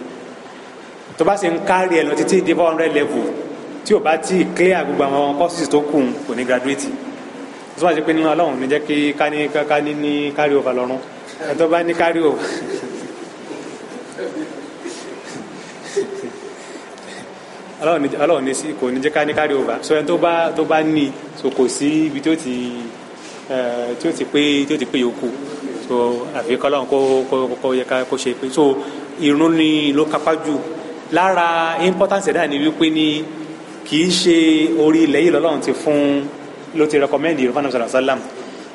tó bá sì ń kárí ẹ lọ títí dé four hundred level tí o bá ti clear gbogbo àwọn courses tó kù kò ní graduate tó bá ti pé nínú ọlọ́run ní jẹ́ kí ká ní ká ní ní carry over lọ́rùn ẹ tó bá ní carry over. Ọlọ́run ní sí kò ní jẹ́ ká ní carry over so ẹni tó bá tó bá ní so kò sí ibi tí ó ti eh, tí ó ti pé tí ó ti pé yòókù so àfi kọ́lọ́run kó kó kó yẹ ká kó ṣe pé so irun ni ló kápá jù lára importance ẹ̀dá ni wípé ni kì í ṣe orí ilẹ̀ yìí lọ́lọ́run ti fún ló ti recommend irun fanamu sallallahu alayhi wa sallam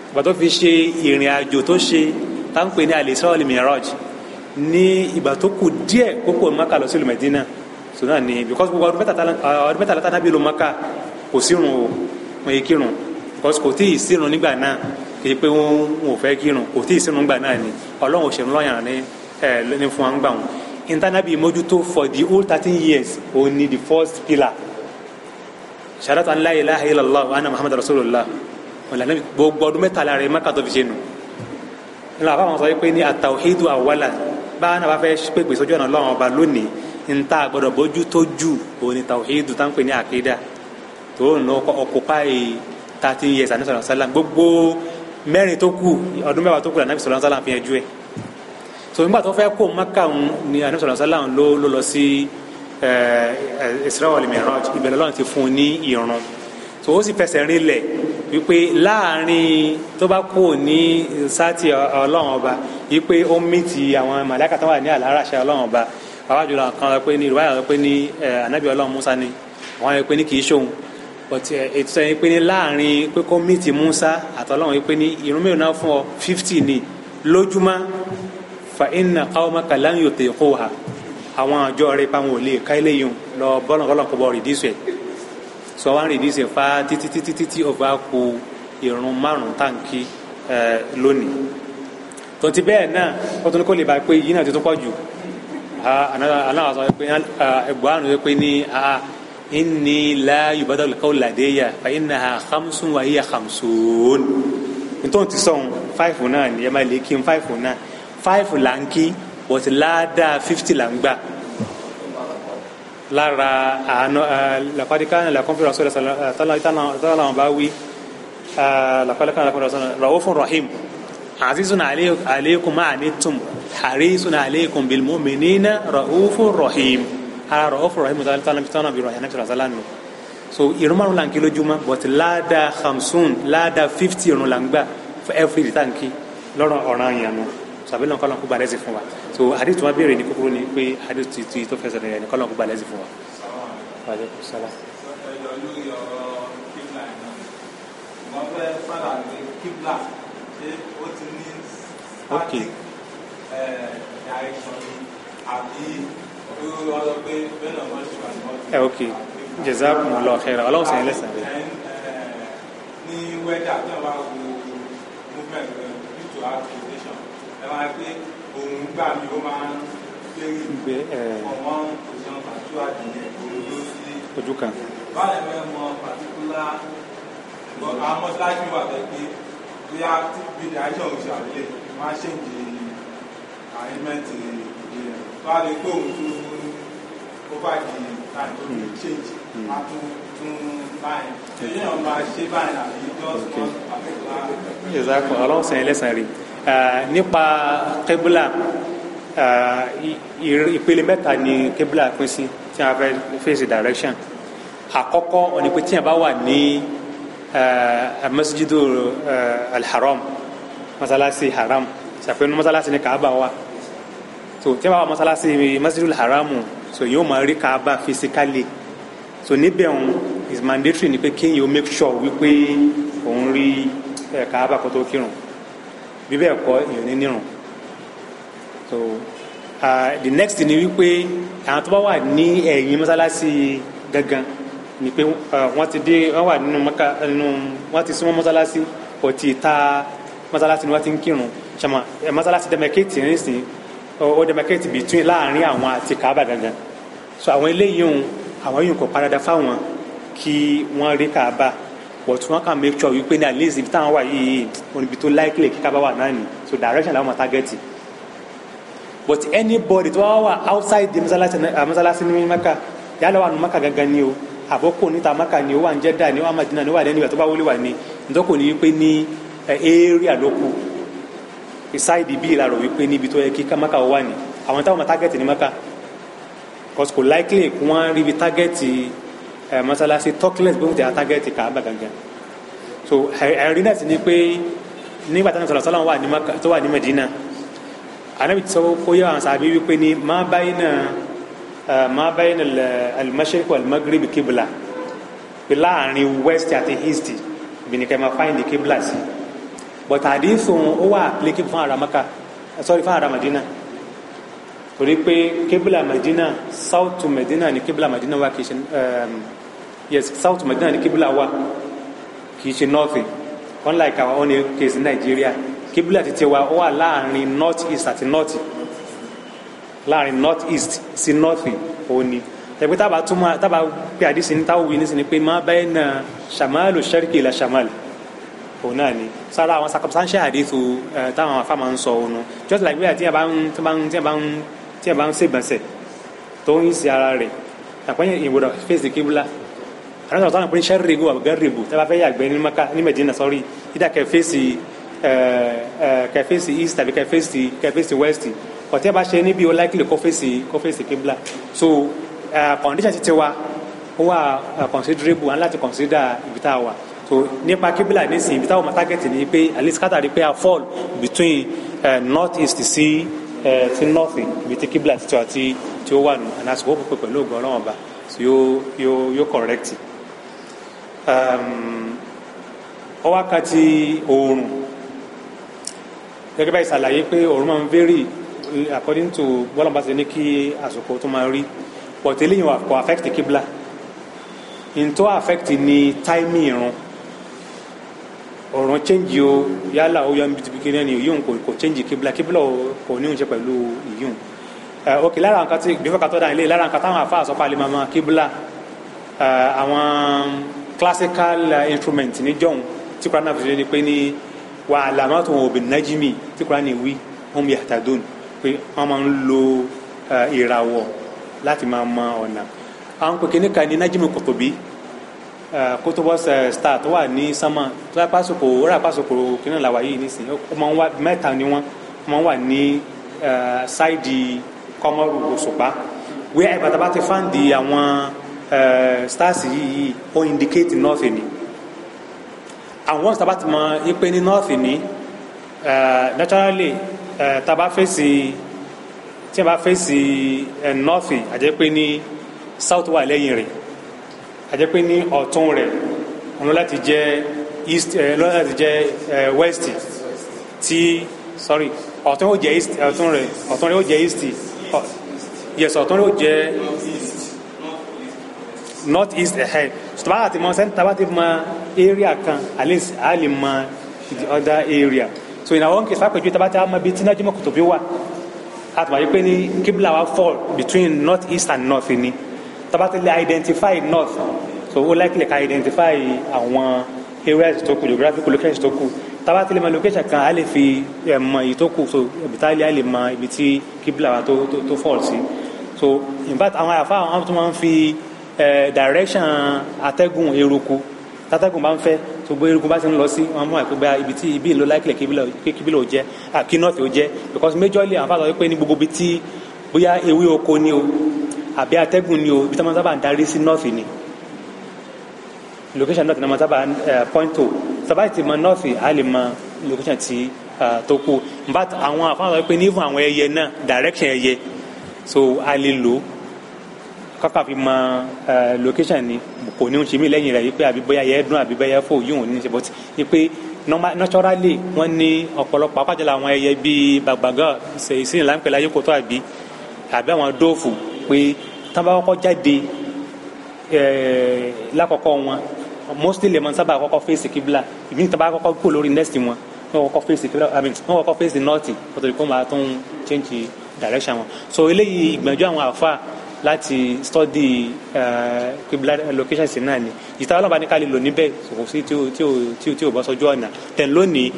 ìgbà tó fi ṣe ìrìn àjò tó ṣe táwọn pè ní al-Isra wal ní ìgbà tó kù díẹ̀ kókò Mákà lọ sí Mẹdínà so náà ni because gbogbo ọdún mẹ́tàlá tá nábì ló Mákà kò sírun o wọn yé kírun because kò tí ì sírun nígbà náà kì í pé wọn ò fẹ́ kírun kò tí ì sírun nígbà náà ni ọlọ́run òṣèlú lọ́yàn ní ẹ ní fún wa ń gbà wọn ìtànàbí mójútó for the whole thirteen years òun ni the first pillar shahadatu an la ilaha illallah wa anna muhammadu rasulullah ọ̀làní gbogbo ọdún mẹ́tàlá rẹ̀ mẹ́ka tó fi ṣe nù ńlá àbáwọn sọ pé ní àtàwíhídù àwọlà bá a náà bá fẹ́ pèpè sójú ọ̀nà ọlọ́run ọba lónìí nta gbọ́dọ̀ bójú tó jù òun ni tawhidu tá n pè ní àkídà tó ń lọ occupy thirteen years àti sọlá sálàm gbogbo mẹ́rin tó kù ọdún mẹ́wàá tó kù lànà sọlá sálàm fi yẹn ju ẹ so nígbà tó fẹ́ kó Mákà ń ni àná sọlá sálàm ló ló lọ sí eh, Isra wal Miraj ìbẹ̀rẹ̀ lọ́nà ti fún un ní ìrun so ó sì fẹsẹ̀ rinlẹ̀ wípé láàrin tó bá kú ní sátì ọlọ́run ọba wípé ó mìtì àwọn màláìka tó wà ní àlàáràṣẹ ọlọ́run ọba bàbá jùlọ kan rẹ pé ní yorùbá yàrá pé ní anabi Ọlọ́run Musa ni àwọn yẹn pé ní kì í ṣòun but ètò yẹn pé ní láàrin pé kó mìtì Musa àtọlọ́run yẹn pé ní irun mẹ́rin náà fún ọ fifty ni lójúmọ́ fa inna qaumaka lan yutiquha àwọn àjọ rẹ pa wọn ò lè ká eléyìí lọ bọ́lọ̀ kọ́lọ̀ kọ́ bọ́ rìdíìsì ẹ̀ sọ wá fa títí títí títí ọba ku irun márùn-ún táǹkì lónìí tó ti bẹ́ẹ̀ náà ó tún kó lè bá pé yìí náà ti tún pọ̀ jù aláwọ̀ sọ pé ẹgbọ́n àrùn pé ní inni la yubadal alqawl ladayya fa innaha khamsun wa hiya khamsun nítorí ti sọ̀hún fáìfù náà ni ẹ máa lè kí n fáìfù náà fáìfù là ń kí lára àánú làkọ́díkà ní làkọ́nfẹ́ rasul tọ́lá wọn bá wí làkọ́díkà ní làkọ́nfẹ́ rasul rahim azizun alaykum ma anittum harisun aleikum bil mu'minina ra'ufu rahim ara ra'ufu rahim tọ́nà bí rahim nàbí sọ̀rọ̀ sálánù so irun márùn là ń but láàdá hamsun láàdá fifty irun là ń gbà for every day tá à ń kí lọ́rọ̀ ọ̀ràn yẹn nu sàbẹ̀ náà kọ́lọ́n kó balẹ̀ sí wa so àdìsí tí wọ́n béèrè ní kúkúrú ni pé àdìsí tí tó fẹsẹ̀ rẹ̀ ní kọ́lọ́n kó balẹ̀ sí fún wa. ok ẹ ok jazakumullahu khairan Ọlọ́run sẹyìn lẹsẹ rẹ. ní wẹ́dà ojú kan. báyìí bẹ́ẹ̀ mọ pàtíkúlá àwọn mọ́ṣáláṣí wà bẹ́ẹ̀ pé bóyá bíi dáhìí ọ̀hún ṣàlẹ̀ máa ṣèǹdè arrangement ìdílé wá lè pé òun tún ó bá di time tó lè change má hmm. tún tún báyìí èyí náà máa ṣe báyìí àbí just one particular. jesakun Ọlọ́run sẹyìn lẹsàn rí ah, nípa kébùlà ah, ìpele mẹ́ta ni kébùlà pín sí tí a fẹ́ face direction àkọ́kọ́ ọ̀nì pé tíyẹn bá wà ní ah, masjidu alharam masalasi haram ṣàpẹnu mọ́sálásí ni kàába wà so tí wọ́n wà mọ́sálásí masjidul haramu so yóò máa rí kàába fisikali so níbẹ̀ òun is mandatory ni pé kéèyàn ó make sure wípé òun rí kàába kó tó kírun bí bẹ́ẹ̀ èèyàn ní so uh, the next ni wípé àwọn tó bá wà ní ẹ̀yìn mọ́sálásí gangan ni pé wọ́n ti dé wọ́n wà nínú wọ́n ti súnmọ́ masalasi ọ̀tí ìta mọ́sálásí ni wọ́n ti ń kírun ṣàmà mọ́sálásí dẹ́mẹ̀kẹ́tì nísìnyí ó dẹ́mẹ̀kẹ́tì between láàrin àwọn àti Kaaba gangan so àwọn eléyìí òun àwọn yìí kò paradà fáwọn kí wọ́n rí Kaaba but wọ́n kàn make wípé ní at least táwọn wà yìí oníbi tó likely kí Kaaba wà náà ni so direction làwọn máa but anybody tó wá wà outside the eh, mọ́sálásí ní Mẹ́kà yálà wà nù Mẹ́kà gangan ni o àbọ̀kù níta maka ni ó wà ní Jeddah ni ó wà Madina ni ó wà lẹ́nu ìgbà tó bá wọlé wà ní ntọ́kùn pé ní ẹ́ẹ́rì eh, àlọ́kù ìsáìdì bíi ìlàrọ̀ wípé níbi tó yẹ kí maka wà ní àwọn táwọn ma tágẹ́tì ní maka cause likely kó wọ́n rí ibi tágẹ́tì eh, mọ́sálásí talkless bí wọ́n ti tágẹ́tì kàábà gangan so ẹ̀rí náà sì ni pé nígbà táwọn sọ̀rọ̀ sọ́lá tó wà ní Medina anabi sọ kó yẹ àwọn sàbí wípé ní má báyìí náà eh, má báyìí náà al-mashriq wal kibla pé láàrin west àti east bìnnìkẹ́ máa fáìndì kibla sí i but àdínsùn ó wà applicable fún ara sorry fún ara madina torí pé kébìlà madina south medina ni kébìlà madina wa kìí ṣe um, yes south madina ni kébìlà wa kìí ṣe north unlike our own case Nigeria kébìlà títí wa ó wà láàrin north east àti north láàrin north east sí north òní tẹ̀gbẹ́ tábà túmọ̀ tábà pé àdínsìn táwọn wí nísìnyí pé má bẹ́ẹ̀ na shamalu shariki ila shamalu òun náà ni sára àwọn circumstantial hadithu eh, táwọn afáàmà ń sọ òun just like wíwà tí yẹn bá ń tí yẹn bá ń tí yẹn bá ń ṣègbọ̀nsẹ̀ tó ń ṣe ara rẹ̀ àpẹẹrẹ ìwòrán fèsì kíbúlà àwọn ọ̀tọ́ náà pé sẹ́rìbù àbúgárìbù tí a bá fẹ́ yàgbẹ́ ní maka ní Medina sọ́rí ìdá kẹfẹ́sì kẹfẹ́sì east tàbí kẹfẹ́sì kẹfẹ́sì west ọ̀tí ẹ̀ bá ṣe níbi ó láìkìlì kọfẹ́sì kọfẹ́sì kíbla so eh, condition ti ti wa ó wà eh, considerable and láti consider ibi tá a wà so nípa kíbílà nísìnyí ibi táwọn tágẹ́tì ni pé at least kátà rí pé a fall between uh, north east sí uh, sí north ibi tí kíbílà ti tó àti tí ó wà nù and as we hope pẹ̀lú ògbọ́n náà ọba so yóò yóò yóò correct it. Um, ọ wá ka ti oòrùn gẹ́gẹ́ báyìí ṣàlàyé pé oòrùn máa ń vary according to bọ́lá bá ṣe ní kí àsopò tó máa rí but eléyìí kò affect kíbílà ntọ́ affect ni timing irun. You know ọ̀ràn chẹ́ǹjì o yálà ó yọ níbi kíni ẹni yóò kò kò chẹ́ǹjì kíbla kíbla kò ní oúnjẹ pẹ̀lú ìyóò eh, ok lára nǹkan tí bífọ̀ kátó dáhùn ilé lára nǹkan táwọn afa àsọpá lè máa kíbla eh, àwọn classical eh, instrument níjọ́hún tí kúránà fi ṣe ni pé ní wà àlàmọ́ tó wọn òbí nájímì tí kúránà wí wọn bí àtàdún pé wọn máa ń lo ìràwọ̀ láti máa mọ ọ̀nà àwọn pèkínní kan ní nájímì kòtòbí kótóbọ́sì star tó wà ní sánmà tó bá pàṣẹkò ó rà pàṣẹkò kínní làwà yìí nísìnyí ó máa ń wá mẹ́ta ni wọ́n ó máa ń wà ní ṣáìdì kọ́mọ́rù òṣùpá wí àìbàtà ti fáǹdì àwọn stars yìí ó indicate north ni àwọn sábà ti mọ ipe ní north ni naturally tá a bá fèsì tí a bá fèsì north àjẹpé ní south wà lẹ́yìn rẹ̀ àjẹ́ pé ní ọ̀tún rẹ̀ ọ̀nà láti jẹ́ east ọ̀nà eh, láti jẹ́ eh, west tí sorry ọ̀tún ó jẹ́ east ọ̀tún rẹ̀ ọ̀tún rẹ̀ ó jẹ́ east yes ọ̀tún rẹ̀ ó jẹ́ north east ẹ̀hẹ́ ṣùgbọ́n àti mọ sẹ́ńtà bá ti mọ area kan at least a lè mọ the other area so ìnáwó ń kí sápẹ̀jú tí a bá ti mọ ibi tí nájú mọ̀ kòtò wà àtùmọ̀ yìí pé ní kíbla wa fall between north east and north ni tàbá le identify north so ó likely ka identify àwọn areas tó kù geographic locations tó kù tàbá ti lè mọ location kan a lè fi eh, mọ èyí tó kù so ibi tá a lè mọ ibi tí kíbla wa tó tó fall sí so in fact àwọn àfa àwọn tó máa ń fi eh, direction atẹ́gùn eruku tátẹ́gùn bá ń fẹ́ tó gbé eruku bá ti ń lọ sí wọn mú àìpé bóyá ibi tí ibi ìlú likely kíbílẹ̀ ò jẹ́ kí ò jẹ́ because majorly àwọn fàtàwọn pé ní gbogbo ibi tí bóyá ewé oko ni o àbí atẹ́gùn ni o ibi tí wọ́n sábà ń darí sí north ni location north ni wọ́n sábà eh, point to sábà ti mọ north a lè mọ location ti ah, tó kù but àwọn àfáàwọn pé ní fún àwọn ẹyẹ náà direction ẹyẹ so a lè lò kọ́kà fi mọ eh, location ni kò ní ṣe mí lẹ́yìn rẹ̀ wípé àbí bóyá yẹ dún àbí bóyá fò yóò ní ṣe bọ́tì wípé naturally wọ́n ní ọ̀pọ̀lọpọ̀ apájọ́lá àwọn ẹyẹ bíi gbàgbàgà ṣèṣin ìlànà pẹ̀lú ayé kòtò àbí àbí àwọn dóòfù pé tán bá kọ́kọ́ jáde lákọ̀ọ́kọ́ wọn mostly lè mọ sábà kọ́kọ́ fèsì kíbla ìmí tán bá kọ́kọ́ kó lórí next wọn wọn kọ́kọ́ fèsì kíbla i mean wọn kọ́kọ́ fèsì nọ́ọ̀tì kótó ìkó máa tún change direction wọn so eléyìí ìgbìyànjú àwọn àfa láti study kíbla location sí náà ni ìta ọlọ́ba ní ká lè lò níbẹ̀ kò sí tí ò bọ́ sójú ọ̀nà tẹ̀ lónìí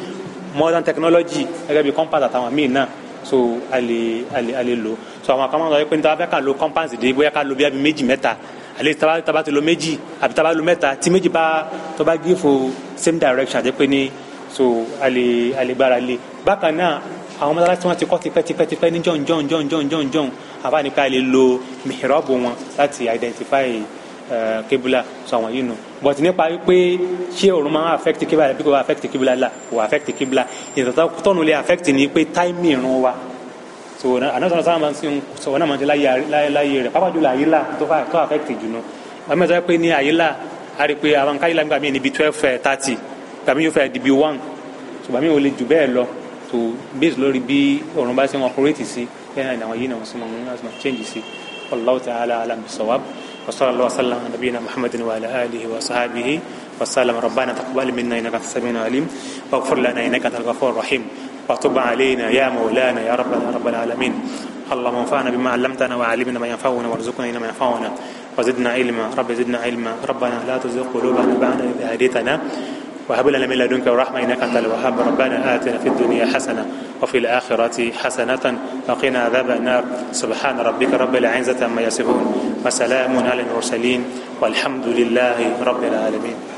modern technology gẹ́gẹ́ bí compass àtàwọn míì náà so a lè a lè a lè lò ó so àwọn kan máa ń sọ pé níta lo compound dé bóyá ká lo bí abí méjì mẹ́ta àlẹ́ taba taba ti lo méjì àbí taba lo mẹ́ta tí méjì bá tó bá same direction àti pé ní so alẹ́ alẹ́ gbára lé bákan náà àwọn mọ́tàlá tí wọ́n ti kọ́ tipẹ́tipẹ́tipẹ́ ní jọ̀hún jọ̀hún jọ̀hún jọ̀hún jọ̀hún jọ̀hún àbá nípa ilé lo mihrab wọn láti identify eh, kébùlà sọ àwọn yìí nù but nípa wípé ṣé òòrùn máa affect kébùlà bí kò affect kébùlà là kò affect kébùlà ìtọ́tọ́ tọ́nu lè affect ni pé táìmì irun wa so anamisa sábà máa ń sin sọ wọn náà máa ń ṣe láyé rẹ pápá jùlọ àyílà tó fà tó affect jùlọ wọn mẹ́ta pé ní àyílà a rí pé àwọn káyílà nígbà míì níbi twelve uh, thirty nígbà míì yóò fẹ́ di bi one so gbàmí ò lè jù bẹ́ẹ̀ lọ so based lórí bí ọ̀run bá ṣe wọn operate sí bẹ́ẹ̀ náà àwọn yìí náà wọ́n sì máa ń wọ́n change sí wallahu ta'ala alam bisawab wa sallallahu sallam nabiyina muhammadin wa ala alihi wa sahabihi wa sallam rabbana taqabbal minna innaka antas-sami'ul alim wa ighfir lana innaka antal rahim وتب علينا يا مولانا يا رب يا رب العالمين اللهم انفعنا بما علمتنا وعلمنا ما ينفعنا وارزقنا ما ينفعنا وزدنا علما رب زدنا علما ربنا لا تزغ قلوبنا بعد إذ هديتنا وهب لنا من لدنك رحمة إنك أنت الوهاب ربنا آتنا في الدنيا حسنة وفي الآخرة حسنة وقنا عذاب النار سبحان ربك رب العزة عما يصفون وسلام على المرسلين والحمد لله رب العالمين